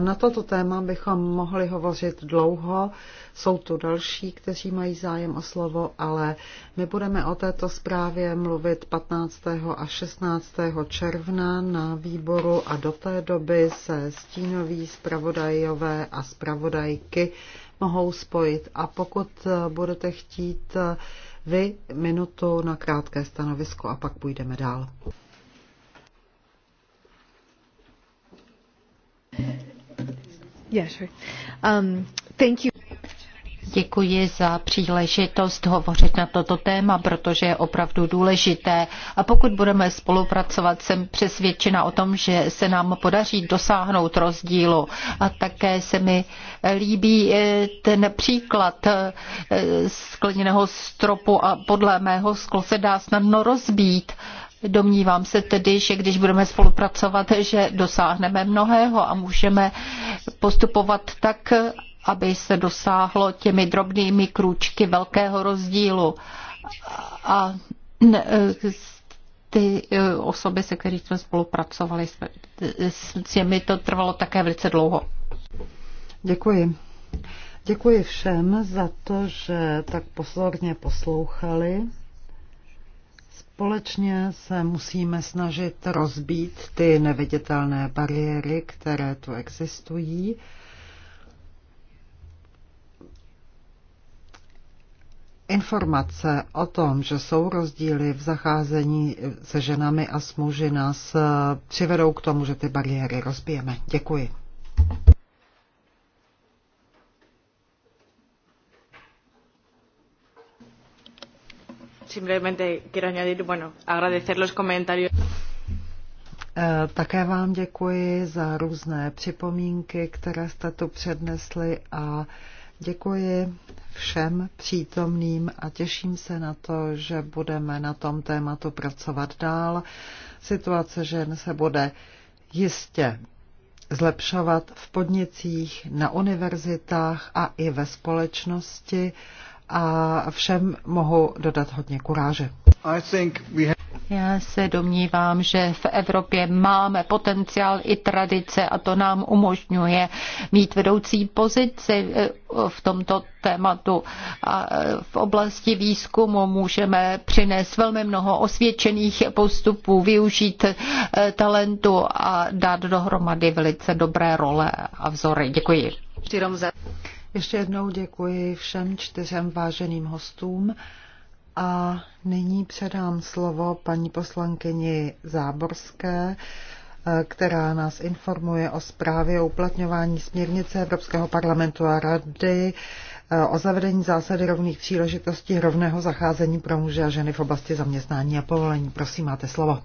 Na toto téma bychom mohli hovořit dlouho. Jsou tu další, kteří mají zájem o slovo, ale my budeme o této zprávě mluvit 15. a 16. června na výboru a do té doby se stínoví zpravodajové a zpravodajky mohou spojit. A pokud budete chtít vy minutu na krátké stanovisko a pak půjdeme dál. Yeah, sure. um, thank you. Děkuji za příležitost hovořit na toto téma, protože je opravdu důležité. A pokud budeme spolupracovat, jsem přesvědčena o tom, že se nám podaří dosáhnout rozdílu. A také se mi líbí eh, ten příklad eh, skleněného stropu a podle mého sklo se dá snadno rozbít. Domnívám se tedy, že když budeme spolupracovat, že dosáhneme mnohého a můžeme postupovat tak, aby se dosáhlo těmi drobnými krůčky velkého rozdílu. A ty e, osoby, se kterými jsme spolupracovali, s těmi to trvalo také velice dlouho. Děkuji. Děkuji všem za to, že tak pozorně poslouchali. Společně se musíme snažit rozbít ty neviditelné bariéry, které tu existují. Informace o tom, že jsou rozdíly v zacházení se ženami a s muži nás eh, přivedou k tomu, že ty bariéry rozbijeme. Děkuji. Simplemente quiero añadir, bueno, agradecer los comentarios. Eh, také vám děkuji za různé připomínky, které jste tu přednesli a Děkuji všem přítomným a těším se na to, že budeme na tom tématu pracovat dál. Situace žen se bude jistě zlepšovat v podnicích, na univerzitách a i ve společnosti a všem mohu dodat hodně kuráže. Já se domnívám, že v Evropě máme potenciál i tradice a to nám umožňuje mít vedoucí pozici eh, v tomto tématu. A eh, v oblasti výzkumu můžeme přinést velmi mnoho osvědčených postupů, využít eh, talentu a dát dohromady velice dobré role a vzory. Děkuji. Ještě jednou děkuji všem čtyřem váženým hostům. A nyní předám slovo paní poslankyni Záborské, eh, která nás informuje o zprávě o uplatňování směrnice Evropského parlamentu a rady eh, o zavedení zásady rovných příležitostí rovného zacházení pro muže a ženy v oblasti zaměstnání a povolení. Prosím, máte slovo.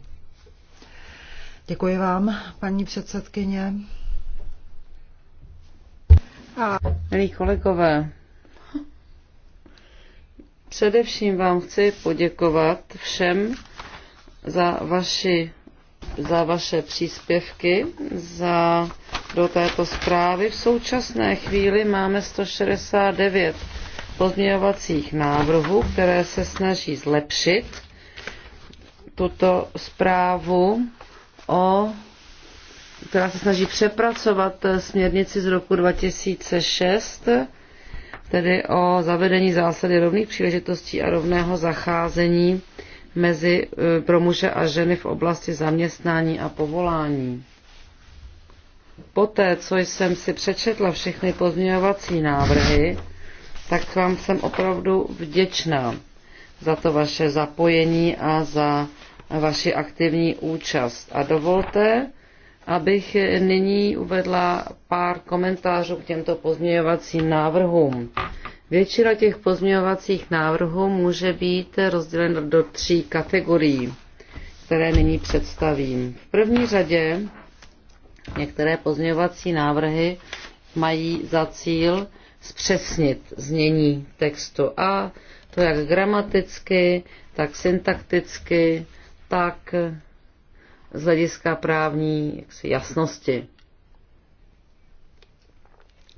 Děkuji vám, paní předsedkyně. A... Milí kolegové, Především vám chci poděkovat všem za, vaši, za vaše příspěvky za, do této zprávy. V současné chvíli máme 169 pozměňovacích návrhů, které se snaží zlepšit tuto zprávu o která se snaží přepracovat směrnici z roku 2006 tedy o zavedení zásady rovných příležitostí a rovného zacházení mezi e, pro muže a ženy v oblasti zaměstnání a povolání. Poté, co jsem si přečetla všechny pozměňovací návrhy, tak vám jsem opravdu vděčná za to vaše zapojení a za vaši aktivní účast. A dovolte, abych nyní uvedla pár komentářů k těmto pozměňovacím návrhům. Většina těch pozměňovacích návrhů může být rozdělena do tří kategorií, které nyní představím. V první řadě některé pozměňovací návrhy mají za cíl zpřesnit znění textu a to jak gramaticky, tak syntakticky, tak z hlediska právní jaksi, jasnosti.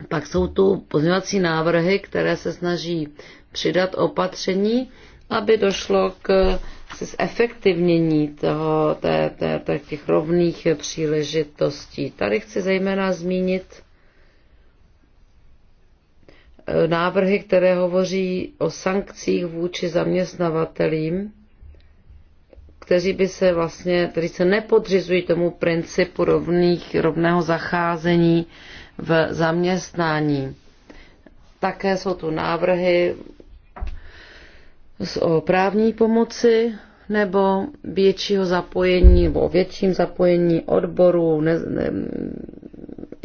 Pak jsou tu pozměňovací návrhy, které se snaží přidat opatření, aby došlo k zefektivnění toho, té, té, těch rovných příležitostí. Tady chci zejména zmínit eh, návrhy, které hovoří o sankcích vůči zaměstnavatelím, kteří by se vlastně, kteří se nepodřizují tomu principu rovných, rovného zacházení v zaměstnání. Také jsou tu návrhy o právní pomoci nebo většího zapojení nebo větším zapojení odborů ne, ne,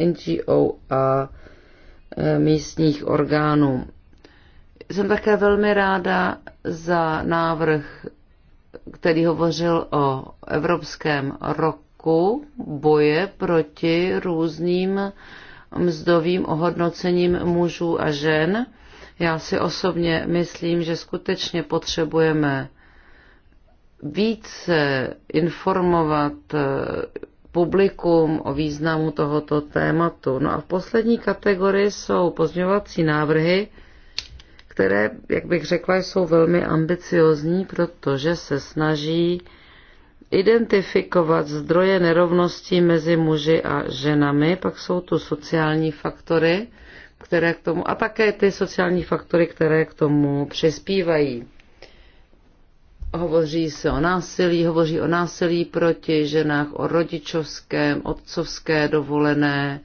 NGO a e, místních orgánů. Jsem také velmi ráda za návrh který hovořil o Evropském roku boje proti různým mzdovým ohodnocením mužů a žen. Já si osobně myslím, že skutečně potřebujeme více informovat eh, publikum o významu tohoto tématu. No a v poslední kategorii jsou pozměňovací návrhy, které, jak bych řekla, jsou velmi ambiciozní, protože se snaží identifikovat zdroje nerovností mezi muži a ženami, pak jsou tu sociální faktory, které k tomu, a také ty sociální faktory, které k tomu přispívají. Hovoří se o násilí, hovoří o násilí proti ženách, o rodičovském, otcovské dovolené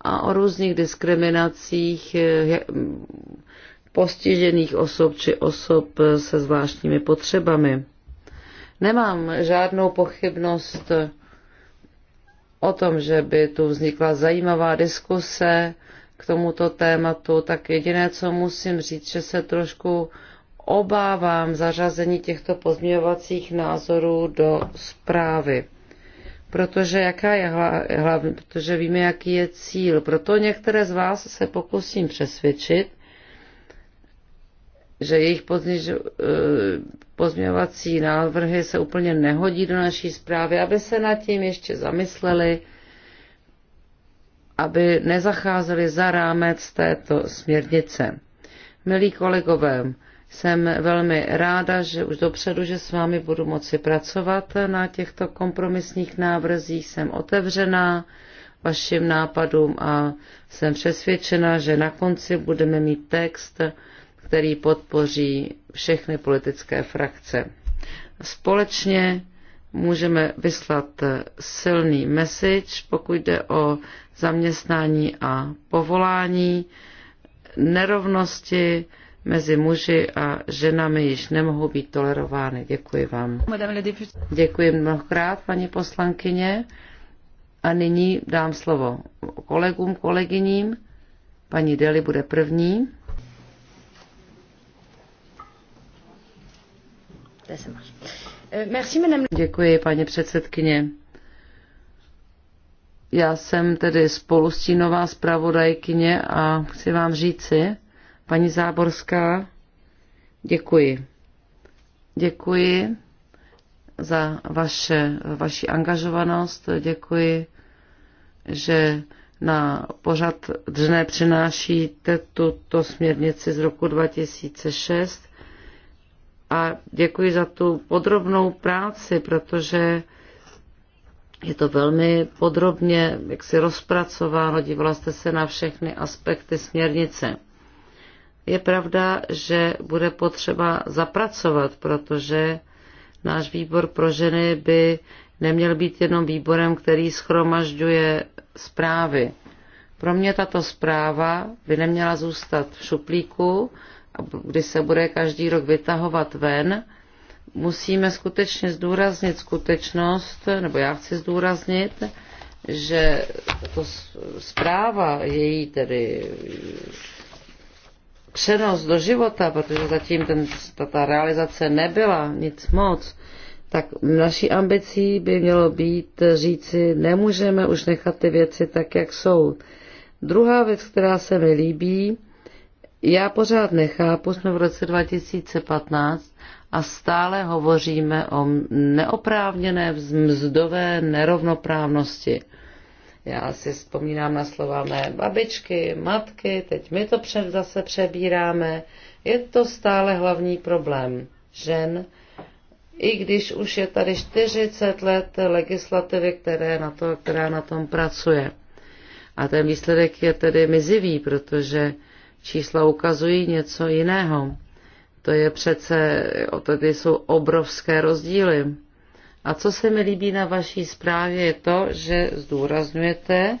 a o různých diskriminacích postižených osob či osob se zvláštními potřebami. Nemám žádnou pochybnost o tom, že by tu vznikla zajímavá diskuse k tomuto tématu, tak jediné, co musím říct, že se trošku obávám zařazení těchto pozměňovacích názorů do zprávy. Protože, jaká je hla, protože víme, jaký je cíl. Proto některé z vás se pokusím přesvědčit, že jejich pozniž, eh, pozměňovací návrhy se úplně nehodí do naší zprávy, aby se nad tím ještě zamysleli, aby nezacházeli za rámec této směrnice. Milí kolegové, jsem velmi ráda, že už dopředu, že s vámi budu moci pracovat na těchto kompromisních návrzích. Jsem otevřená vašim nápadům a jsem přesvědčena, že na konci budeme mít text, který podpoří všechny politické frakce. Společně můžeme vyslat silný message, pokud jde o zaměstnání a povolání, nerovnosti, mezi muži a ženami již nemohou být tolerovány. Děkuji vám. Děkuji mnohokrát, paní poslankyně. A nyní dám slovo kolegům, kolegyním. Paní Deli bude první. E, děkuji, paní předsedkyně. Já jsem tedy spolustínová zpravodajkyně a chci vám říci, paní Záborská, děkuji. Děkuji za vaše, vaši angažovanost, děkuji, že na pořad dne přinášíte tuto směrnici z roku 2006 a děkuji za tu podrobnou práci, protože je to velmi podrobně jak si rozpracováno, dívala jste se na všechny aspekty směrnice. Je pravda, že bude potřeba zapracovat, protože náš výbor pro ženy by neměl být jenom výborem, který schromažďuje zprávy. Pro mě tato zpráva by neměla zůstat v šuplíku, kdy se bude každý rok vytahovat ven, musíme skutečně zdůraznit skutečnost, nebo já chci zdůraznit, že to zpráva její tedy přenos do života, protože zatím ten, ta, ta realizace nebyla nic moc, tak naší ambicí by mělo být říci, nemůžeme už nechat ty věci tak, jak jsou. Druhá věc, která se mi líbí, já pořád nechápu, jsme v roce 2015 a stále hovoříme o neoprávněné mzdové nerovnoprávnosti. Já si vzpomínám na slova mé babičky, matky, teď my to před, zase přebíráme. Je to stále hlavní problém žen, i když už je tady 40 let legislativy, které na to, která na tom pracuje. A ten výsledek je tedy mizivý, protože Čísla ukazují něco jiného. To je přece, tady jsou obrovské rozdíly. A co se mi líbí na vaší zprávě je to, že zdůrazňujete,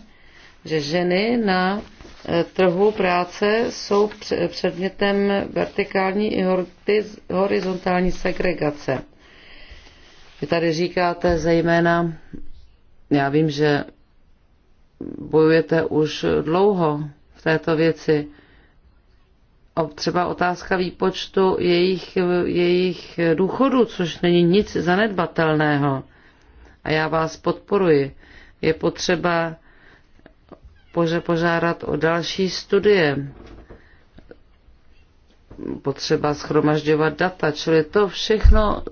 že ženy na e, trhu práce jsou předmětem vertikální i horizontální segregace. Vy tady říkáte zejména, já vím, že bojujete už dlouho v této věci, třeba otázka výpočtu jejich, jejich důchodu, což není nic zanedbatelného. A já vás podporuji. Je potřeba požádat o další studie, potřeba schromažďovat data, čili to všechno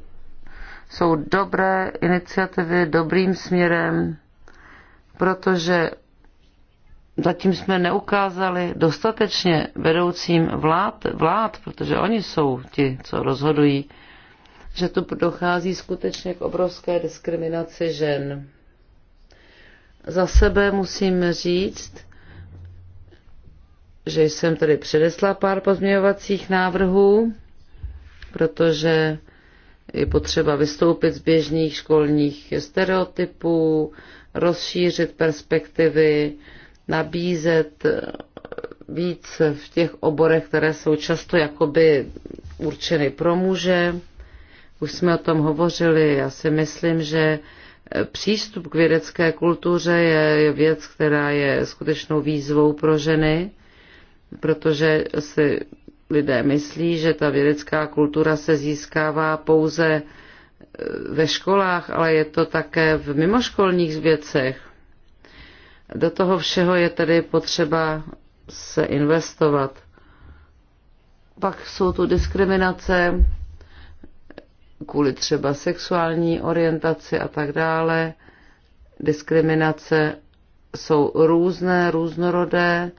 jsou dobré iniciativy dobrým směrem, protože zatím jsme neukázali dostatečně vedoucím vlád, vlád, protože oni jsou ti, co rozhodují, že tu dochází skutečně k obrovské diskriminaci žen. Za sebe musím říct, že jsem tady předesla pár pozměňovacích návrhů, protože je potřeba vystoupit z běžných školních stereotypů, rozšířit perspektivy, nabízet eh, víc v těch oborech, které jsou často jakoby určeny pro muže. Už jsme o tom hovořili. Já si myslím, že eh, přístup k vědecké kultuře je věc, která je skutečnou výzvou pro ženy, protože si lidé myslí, že ta vědecká kultura se získává pouze eh, ve školách, ale je to také v mimoškolních věcech do toho všeho je tedy potřeba se investovat. Pak jsou tu diskriminace kvůli třeba sexuální orientaci a tak dále. Diskriminace jsou různé, různorodé.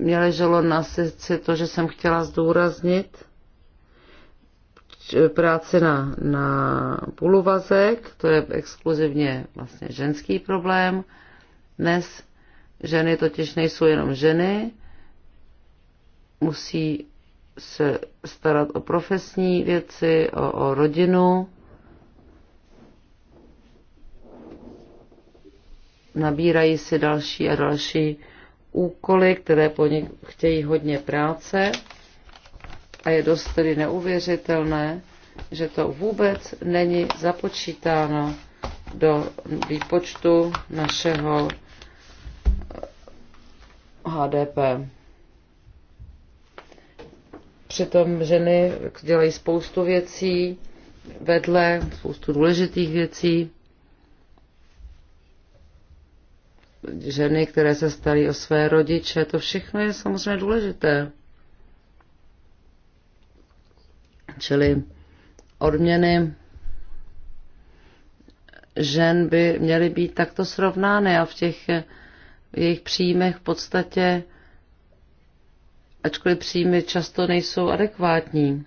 Mě leželo na srdci to, že jsem chtěla zdůraznit práci na, na půluvazek, to je exkluzivně vlastně ženský problém. Dnes ženy totiž nejsou jenom ženy, musí se starat o profesní věci, o, o rodinu, nabírají si další a další úkoly, které po nich chtějí hodně práce a je dost tedy neuvěřitelné, že to vůbec není započítáno do výpočtu našeho HDP. Přitom ženy dělají spoustu věcí vedle, spoustu důležitých věcí. Ženy, které se starají o své rodiče, to všechno je samozřejmě důležité. Čili odměny žen by měly být takto srovnány a v těch jejich příjmech v podstatě, ačkoliv příjmy často nejsou adekvátní.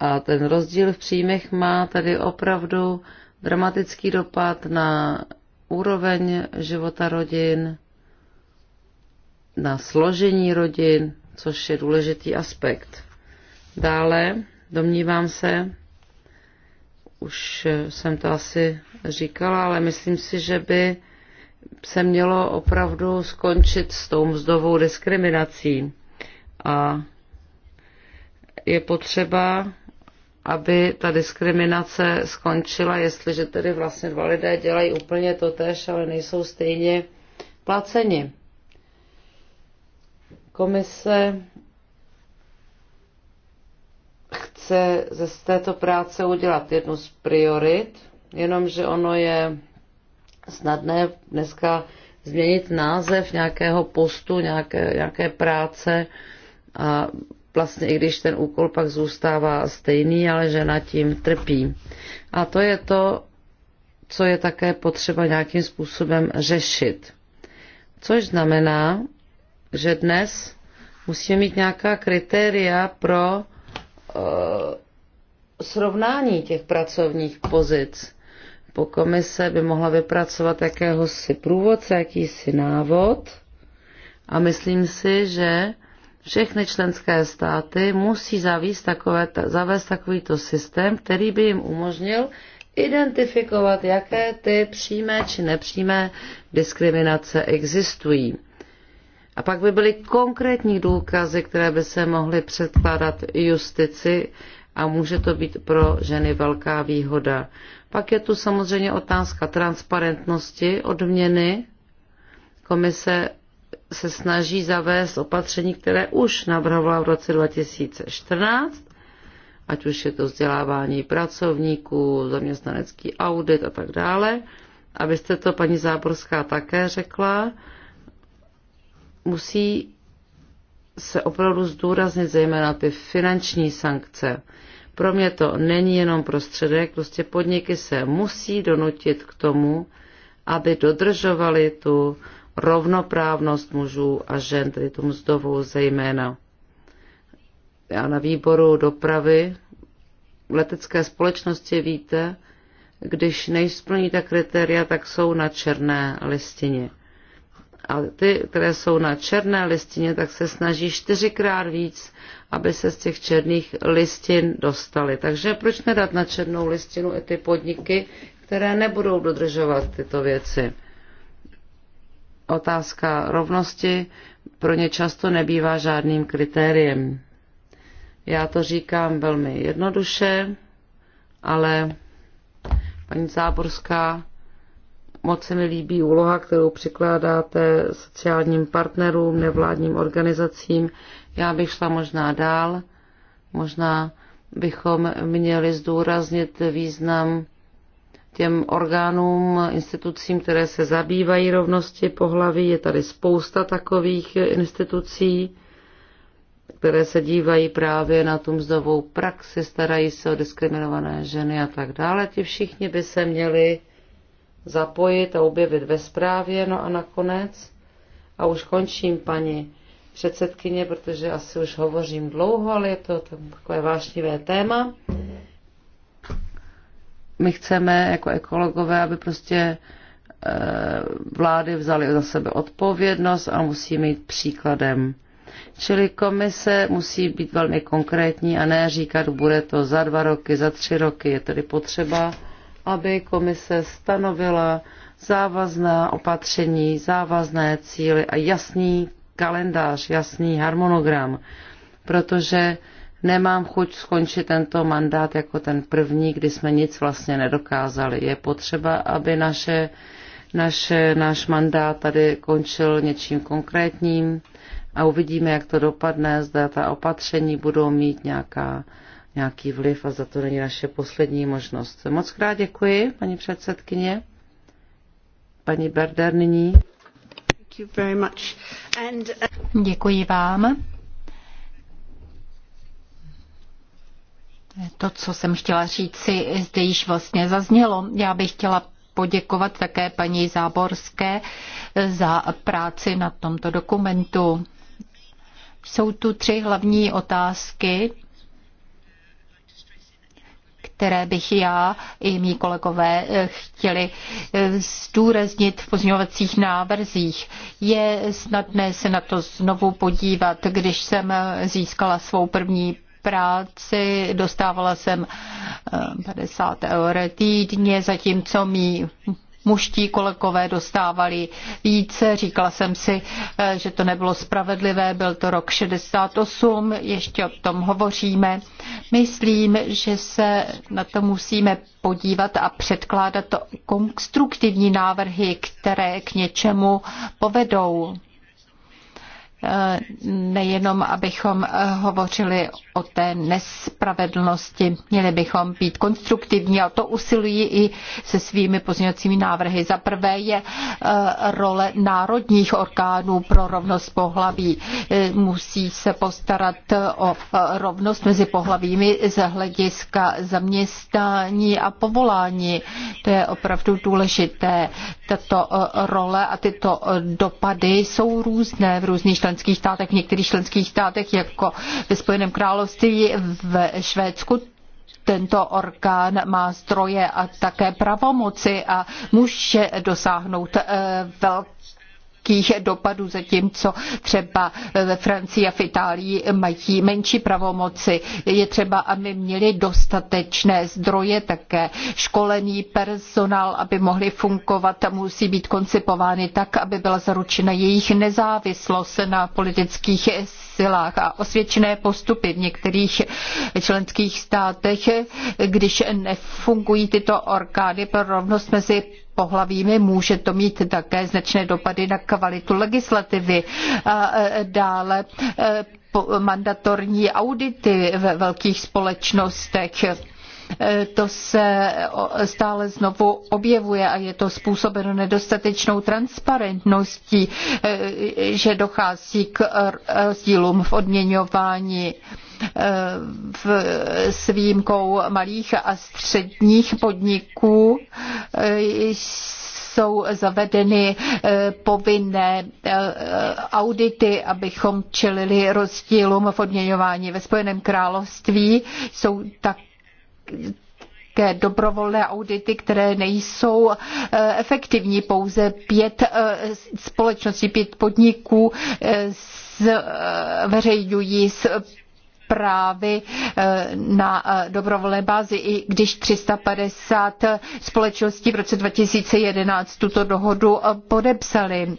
A ten rozdíl v příjmech má tedy opravdu dramatický dopad na úroveň života rodin, na složení rodin, což je důležitý aspekt. Dále domnívám se, už jsem to asi říkala, ale myslím si, že by se mělo opravdu skončit s tou mzdovou diskriminací. A je potřeba, aby ta diskriminace skončila, jestliže tedy vlastně dva lidé dělají úplně to tež, ale nejsou stejně placeni. Komise chce ze z této práce udělat jednu z priorit, jenomže ono je snadné dneska změnit název nějakého postu, nějaké, nějaké práce a vlastně i když ten úkol pak zůstává stejný, ale že na tím trpí. A to je to, co je také potřeba nějakým způsobem řešit. Což znamená, že dnes musíme mít nějaká kritéria pro Eh, srovnání těch pracovních pozic. Po komise by mohla vypracovat jakéhosi průvodce, jakýsi návod a myslím si, že všechny členské státy musí zavést, takové, zavést takovýto systém, který by jim umožnil identifikovat, jaké ty přímé či nepřímé diskriminace existují. A pak by byly konkrétní důkazy, které by se mohly předkládat justici a může to být pro ženy velká výhoda. Pak je tu samozřejmě otázka transparentnosti odměny. Komise se snaží zavést opatření, které už navrhovala v roce 2014, ať už je to vzdělávání pracovníků, zaměstnanecký audit a tak dále. Abyste to paní Záborská také řekla, musí se opravdu zdůraznit zejména ty finanční sankce. Pro mě to není jenom prostředek, prostě podniky se musí donutit k tomu, aby dodržovali tu rovnoprávnost mužů a žen, tedy tu mzdovou zejména. Já na výboru dopravy letecké společnosti víte, když nejsplní ta kritéria, tak jsou na černé listině. A ty, které jsou na černé listině, tak se snaží čtyřikrát víc, aby se z těch černých listin dostaly. Takže proč nedat na černou listinu i ty podniky, které nebudou dodržovat tyto věci? Otázka rovnosti pro ně často nebývá žádným kritériem. Já to říkám velmi jednoduše, ale paní Záborská Moc se mi líbí úloha, kterou přikládáte sociálním partnerům, nevládním organizacím. Já bych šla možná dál. Možná bychom měli zdůraznit význam těm orgánům, institucím, které se zabývají rovnosti pohlaví. Je tady spousta takových institucí, které se dívají právě na tu mzdovou praxi, starají se o diskriminované ženy a tak dále. Ti všichni by se měli zapojit a objevit ve zprávě. No a nakonec, a už končím, paní předsedkyně, protože asi už hovořím dlouho, ale je to takové vášnivé téma. My chceme jako ekologové, aby prostě eh, vlády vzaly za sebe odpovědnost a musí mít příkladem. Čili komise musí být velmi konkrétní a ne říkat, bude to za dva roky, za tři roky. Je tedy potřeba aby komise stanovila závazná opatření, závazné cíly a jasný kalendář, jasný harmonogram, protože nemám chuť skončit tento mandát jako ten první, kdy jsme nic vlastně nedokázali. Je potřeba, aby naše, naše, náš mandát tady končil něčím konkrétním a uvidíme, jak to dopadne, zda ta opatření budou mít nějaká nějaký vliv a za to není naše poslední možnost. Moc krát děkuji, paní předsedkyně. Paní Berder nyní. Uh, děkuji vám. To, co jsem chtěla říci, zde již vlastně zaznělo. Já bych chtěla poděkovat také paní Záborské za práci na tomto dokumentu. Jsou tu tři hlavní otázky, které bych já i mý kolegové eh, chtěli eh, zdůraznit v pozměňovacích návrzích. Je snadné se na to znovu podívat. Když jsem eh, získala svou první práci, dostávala jsem 50 eur týdně, zatímco mý muští kolegové dostávali více. Říkala jsem si, eh, že to nebylo spravedlivé, byl to rok 68, ještě o tom hovoříme. Myslím, že se na to musíme podívat a předkládat konstruktivní návrhy, které k něčemu povedou eh, nejenom abychom hovořili o té nespravedlnosti. Měli bychom být konstruktivní a to usilují i se svými pozměňovacími návrhy. Za prvé je e, role národních orgánů pro rovnost pohlaví. E, musí se postarat o e, rovnost mezi pohlavími z hlediska zaměstnání a povolání. To je opravdu důležité. Tato role a tyto dopady jsou různé v různých členských státech, v některých členských státech, jako ve Spojeném království království v Švédsku tento orgán má zdroje a také pravomoci a může dosáhnout eh, velkých dopadů, zatímco třeba eh, ve Francii a v Itálii mají menší pravomoci. Je třeba, aby měli dostatečné zdroje, také školený personál, aby mohli fungovat a musí být koncipovány tak, aby byla zaručena jejich nezávislost na politických silách a osvědčené postupy v některých členských státech, když nefungují tyto orgány pro rovnost mezi pohlavími, může to mít také značné dopady na kvalitu legislativy. A e, dále e, mandatorní audity ve velkých společnostech to se stále znovu objevuje a je to způsobeno nedostatečnou transparentností, eh, že dochází k rozdílům v odměňování eh, v, s výjimkou malých a středních podniků eh, jsou zavedeny povinné audity, abychom čelili rozdílům v odměňování ve Spojeném království. Jsou tak dobrovolné audity, které nejsou eh, efektivní. Pouze pět eh, společností, pět podniků zveřejňují eh, z právy na dobrovolné bázi, i když 350 společností v roce 2011 tuto dohodu podepsali.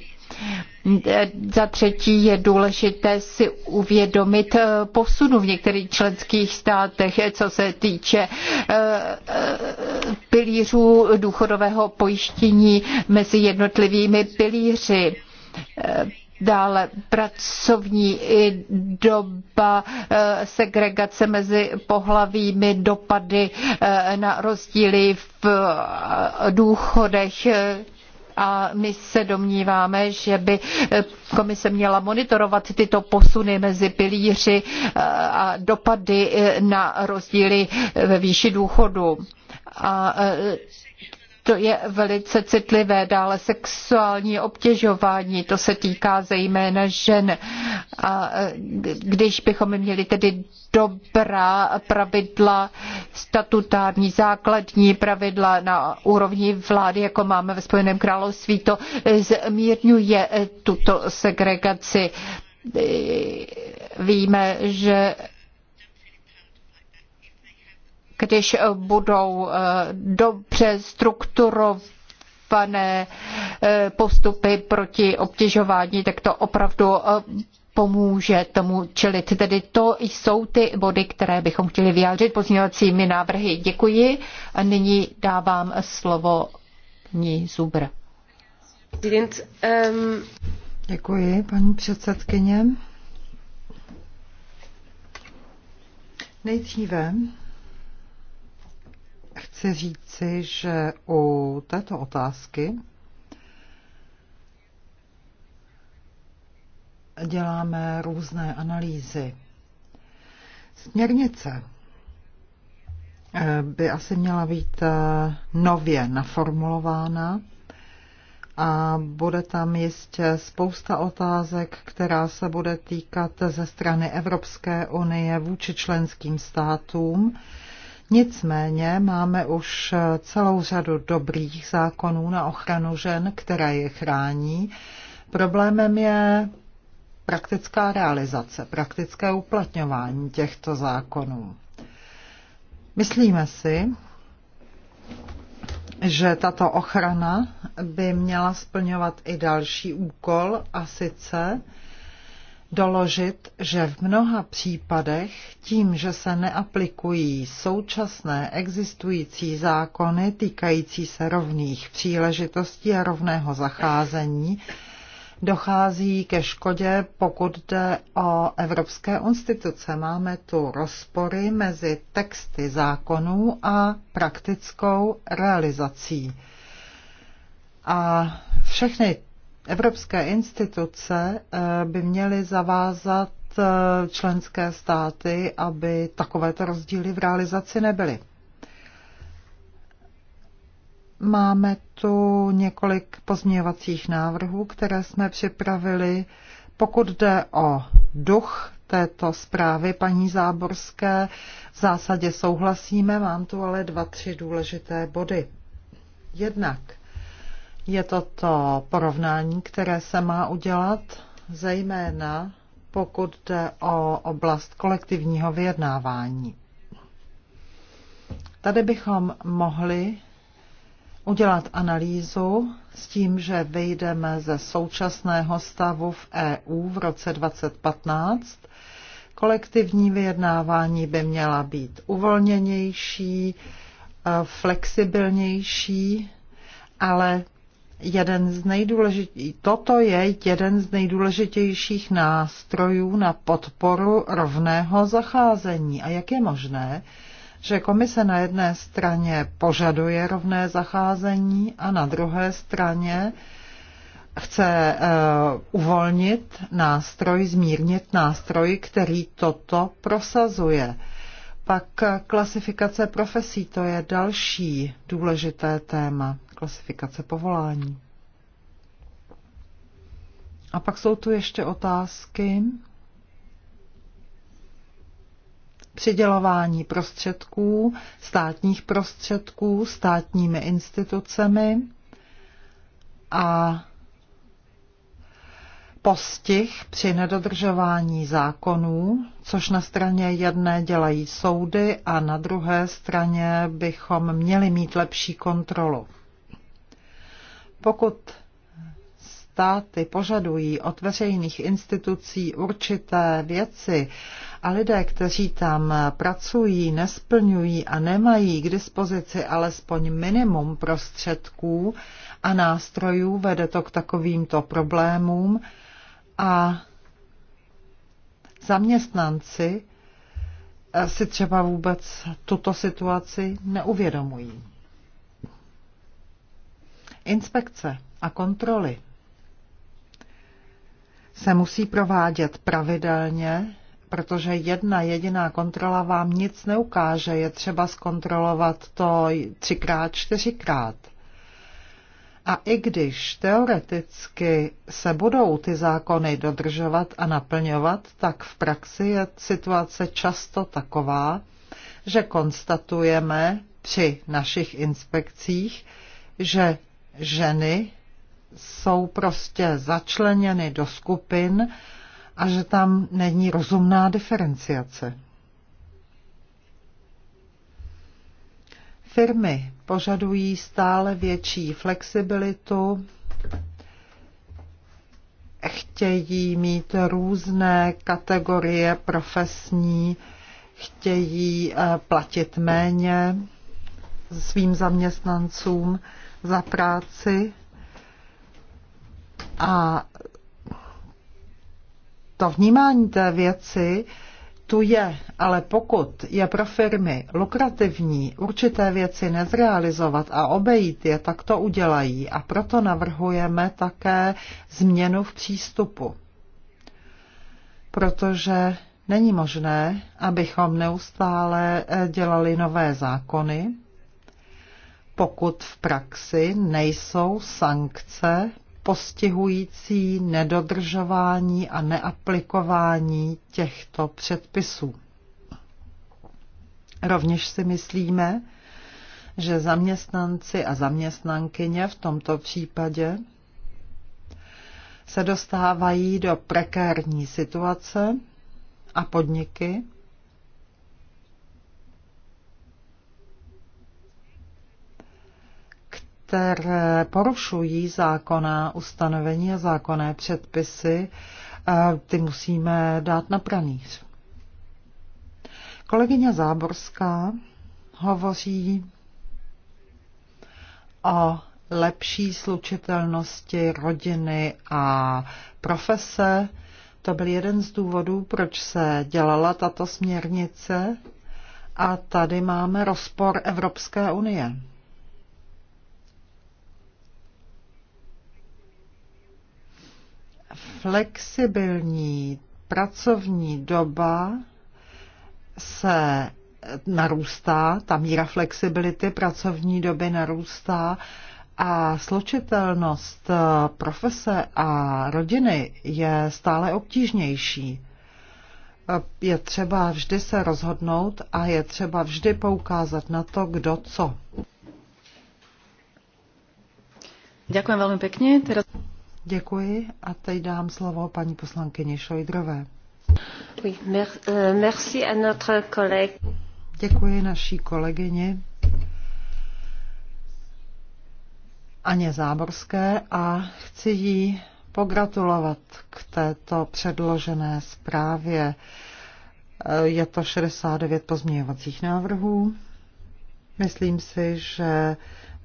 Za třetí je důležité si uvědomit eh, posunu v některých členských státech, eh, co se týče eh, pilířů důchodového pojištění mezi jednotlivými pilíři. Dále pracovní doba, segregace mezi pohlavími, dopady na rozdíly v důchodech, a my se domníváme, že by eh, komise měla monitorovat tyto posuny mezi pilíři eh, a dopady eh, na rozdíly ve výši důchodu. A to je velice citlivé. Dále sexuální obtěžování, to se týká zejména žen. A eh, když bychom měli tedy dobrá pravidla, statutární, základní pravidla na úrovni vlády, jako máme ve Spojeném království, to zmírňuje eh, tuto segregaci. Eh, víme, že když budou eh, dobře pane eh, postupy proti obtěžování, tak to opravdu eh, pomůže tomu čelit. Tedy to jsou ty body, které bychom chtěli vyjádřit pozměňovacími návrhy. Děkuji. A nyní dávám slovo ní Zubr. Ehm, Děkuji, paní předsedkyně. Nejdříve chci říci, že u této otázky děláme různé analýzy. Směrnice eh, by asi měla být eh, nově naformulována a bude tam jistě spousta otázek, která se bude týkat ze strany Evropské unie vůči členským státům Nicméně máme už celou řadu dobrých zákonů na ochranu žen, které je chrání. Problémem je praktická realizace, praktické uplatňování těchto zákonů. Myslíme si, že tato ochrana by měla splňovat i další úkol, a sice doložit, že v mnoha případech tím, že se neaplikují současné existující zákony týkající se rovných příležitostí a rovného zacházení, dochází ke škodě, pokud jde o evropské instituce. Máme tu rozpory mezi texty zákonů a praktickou realizací. A všechny evropské instituce eh, by měly zavázat eh, členské státy, aby takovéto rozdíly v realizaci nebyly. Máme tu několik pozměňovacích návrhů, které jsme připravili. Pokud jde o duch této zprávy paní Záborské, v zásadě souhlasíme, mám tu ale dva, tři důležité body. Jednak je to to porovnání, které se má udělat, zejména pokud jde o oblast kolektivního vyjednávání. Tady bychom mohli udělat analýzu s tím, že vyjdeme ze současného stavu v EU v roce 2015. Kolektivní vyjednávání by měla být uvolněnější, eh, flexibilnější, ale jeden z toto je jeden z nejdůležitějších nástrojů na podporu rovného zacházení. A jak je možné, že komise na jedné straně požaduje rovné zacházení a na druhé straně chce uh, uvolnit nástroj, zmírnit nástroj, který toto prosazuje. Pak klasifikace profesí, to je další důležité téma klasifikace povolání. A pak jsou tu ještě otázky přidělování prostředků, státních prostředků, státními institucemi a postih při nedodržování zákonů, což na straně jedné dělají soudy a na druhé straně bychom měli mít lepší kontrolu. Pokud státy požadují od veřejných institucí určité věci a lidé, kteří tam pracují, nesplňují a nemají k dispozici alespoň minimum prostředků a nástrojů, vede to k takovýmto problémům a zaměstnanci si třeba vůbec tuto situaci neuvědomují. Inspekce a kontroly se musí provádět pravidelně, protože jedna jediná kontrola vám nic neukáže. Je třeba zkontrolovat to třikrát, čtyřikrát. A i když teoreticky se budou ty zákony dodržovat a naplňovat, tak v praxi je situace často taková, že konstatujeme při našich inspekcích, že ženy jsou prostě začleněny do skupin a že tam není rozumná diferenciace. Firmy požadují stále větší flexibilitu, chtějí mít různé kategorie profesní, chtějí eh, platit méně svým zaměstnancům za práci a to vnímání té věci tu je, ale pokud je pro firmy lukrativní určité věci nezrealizovat a obejít je, tak to udělají a proto navrhujeme také změnu v přístupu. Protože není možné, abychom neustále eh, dělali nové zákony, pokud v praxi nejsou sankce postihující nedodržování a neaplikování těchto předpisů. Rovněž si myslíme, že zaměstnanci a zaměstnankyně v tomto případě se dostávají do prekérní situace a podniky které porušují zákonná ustanovení a zákonné předpisy, ty musíme dát na pranýř. Kolegyně Záborská hovoří o lepší slučitelnosti rodiny a profese. To byl jeden z důvodů, proč se dělala tato směrnice. A tady máme rozpor Evropské unie. flexibilní pracovní doba se narůstá, ta míra flexibility pracovní doby narůstá a sločitelnost profese a rodiny je stále obtížnější. Je třeba vždy se rozhodnout a je třeba vždy poukázat na to, kdo co. Děkujeme velmi pekne. Teraz... Děkuji a teď dám slovo paní poslankyni Šojdrové. Euh, Děkuji naší kolegyni Aně Záborské a chci jí pogratulovat k této předložené zprávě. Eh, je to 69 pozměňovacích návrhů. Myslím si, že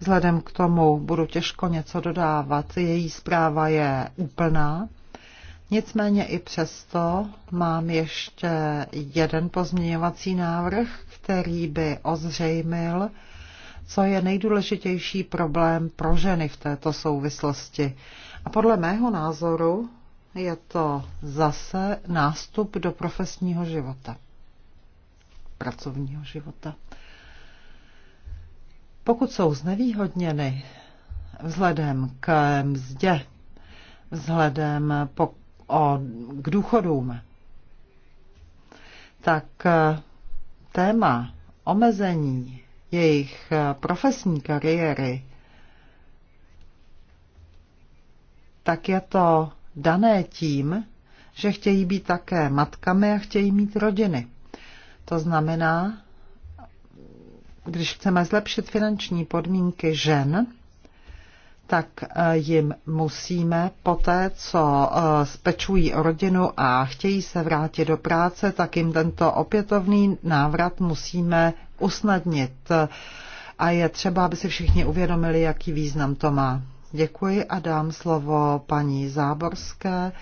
Vzhledem k tomu budu těžko něco dodávat. Její zpráva je úplná. Nicméně i přesto mám ještě jeden pozměňovací návrh, který by ozřejmil, co je nejdůležitější problém pro ženy v této souvislosti. A podle mého názoru je to zase nástup do profesního života, pracovního života. Pokud jsou znevýhodněny vzhledem k mzdě, vzhledem po, o, k důchodům, tak eh, téma omezení jejich eh, profesní kariéry, tak je to dané tím, že chtějí být také matkami a chtějí mít rodiny. To znamená, když chceme zlepšit finanční podmínky žen, tak eh, jim musíme poté, co eh, spečují rodinu a chtějí se vrátit do práce, tak jim tento opětovný návrat musíme usnadnit. A je třeba, aby si všichni uvědomili, jaký význam to má. Děkuji a dám slovo paní Záborské.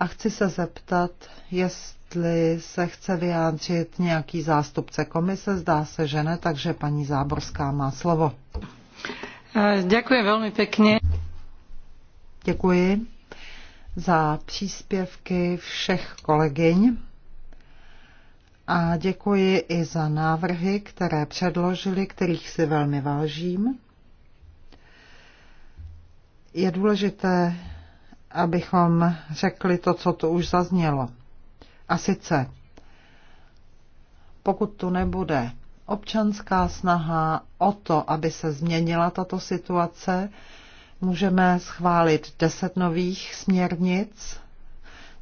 A chci se zeptat, jestli jestli se chce vyjádřit nějaký zástupce komise. Zdá se, že ne, takže paní Záborská má slovo. Děkuji velmi pěkně. Děkuji za příspěvky všech kolegyň a děkuji i za návrhy, které předložili, kterých si velmi vážím. Je důležité, abychom řekli to, co tu už zaznělo. A sice, pokud tu nebude občanská snaha o to, aby se změnila tato situace, můžeme schválit deset nových směrnic,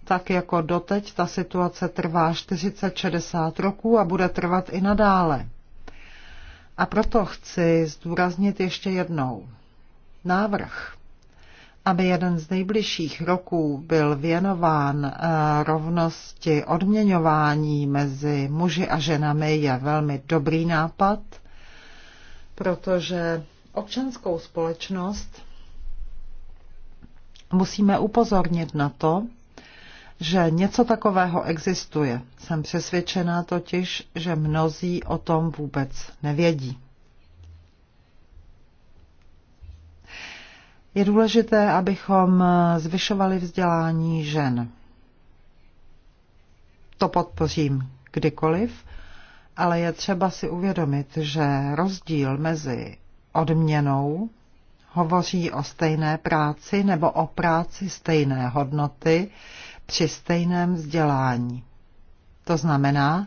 tak jako doteď ta situace trvá 40-60 roků a bude trvat i nadále. A proto chci zdůraznit ještě jednou. Návrh aby jeden z nejbližších roků byl věnován eh, rovnosti odměňování mezi muži a ženami, je velmi dobrý nápad, protože občanskou společnost musíme upozornit na to, že něco takového existuje. Jsem přesvědčená totiž, že mnozí o tom vůbec nevědí. Je důležité, abychom zvyšovali vzdělání žen. To podpořím kdykoliv, ale je třeba si uvědomit, že rozdíl mezi odměnou hovoří o stejné práci nebo o práci stejné hodnoty při stejném vzdělání. To znamená,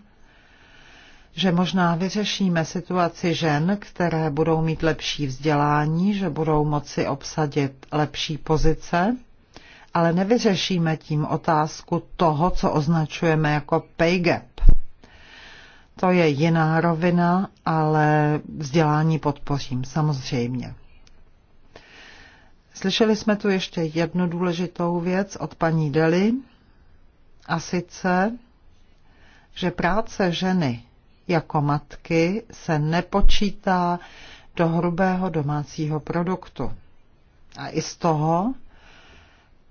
že možná vyřešíme situaci žen, které budou mít lepší vzdělání, že budou moci obsadit lepší pozice, ale nevyřešíme tím otázku toho, co označujeme jako pay gap. To je jiná rovina, ale vzdělání podpořím, samozřejmě. Slyšeli jsme tu ještě jednu důležitou věc od paní Deli, a sice, že práce ženy jako matky se nepočítá do hrubého domácího produktu. A i z toho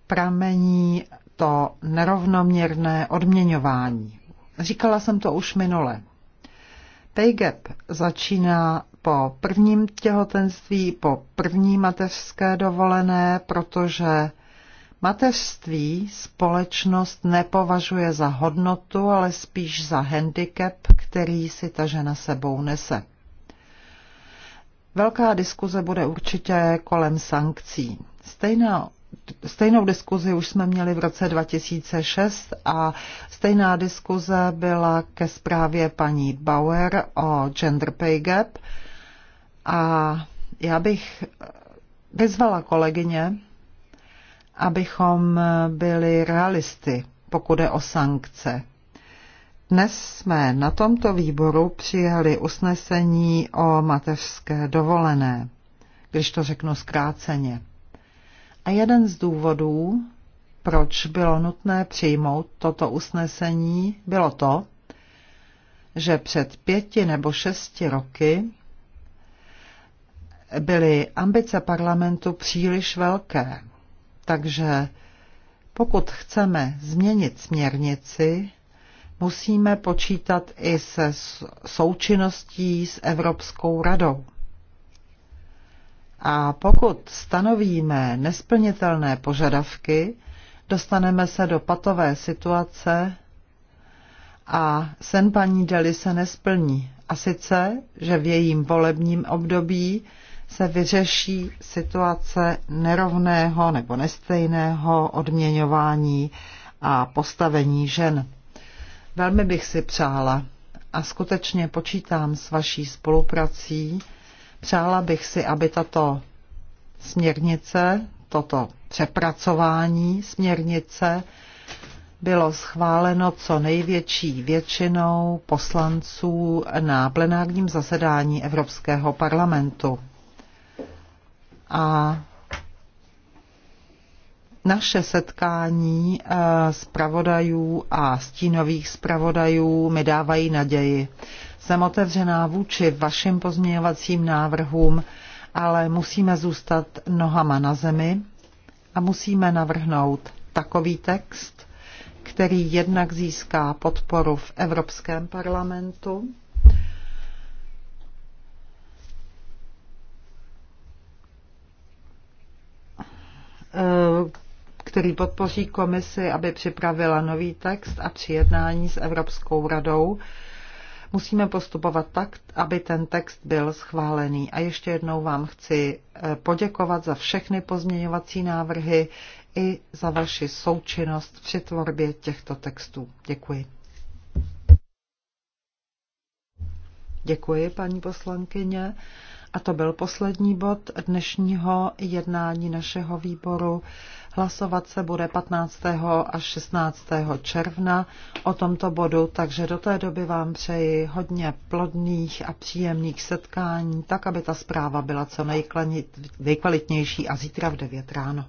pramení to nerovnoměrné odměňování. Říkala jsem to už minule. Pay gap začíná po prvním těhotenství, po první mateřské dovolené, protože Mateřství společnost nepovažuje za hodnotu, ale spíš za handicap, který si ta žena sebou nese. Velká diskuze bude určitě kolem sankcí. Stejná Stejnou diskuzi už jsme měli v roce 2006 a stejná diskuze byla ke zprávě paní Bauer o gender pay gap. A já bych vyzvala kolegyně, abychom byli realisty, pokud je o sankce. Dnes jsme na tomto výboru přijali usnesení o mateřské dovolené, když to řeknu zkráceně. A jeden z důvodů, proč bylo nutné přijmout toto usnesení, bylo to, že před pěti nebo šesti roky byly ambice parlamentu příliš velké. Takže pokud chceme změnit směrnici, musíme počítat i se součinností s Evropskou radou. A pokud stanovíme nesplnitelné požadavky, dostaneme se do patové situace a sen paní Deli se nesplní. A sice, že v jejím volebním období se vyřeší situace nerovného nebo nestejného odměňování a postavení žen. Velmi bych si přála a skutečně počítám s vaší spoluprací. Přála bych si, aby tato směrnice, toto přepracování směrnice bylo schváleno co největší většinou poslanců na plenárním zasedání Evropského parlamentu a naše setkání eh, zpravodajů a stínových zpravodajů mi dávají naději. Jsem otevřená vůči vašim pozměňovacím návrhům, ale musíme zůstat nohama na zemi a musíme navrhnout takový text, který jednak získá podporu v Evropském parlamentu, Eh, který podpoří komisi, aby připravila nový text a při jednání s Evropskou radou musíme postupovat tak, aby ten text byl schválený. A ještě jednou vám chci eh, poděkovat za všechny pozměňovací návrhy i za vaši součinnost při tvorbě těchto textů. Děkuji. Děkuji, paní poslankyně. A to byl poslední bod dnešního jednání našeho výboru. Hlasovat se bude 15. až 16. června o tomto bodu, takže do té doby vám přeji hodně plodných a příjemných setkání, tak aby ta zpráva byla co nejkvalitnější a zítra v 9 ráno.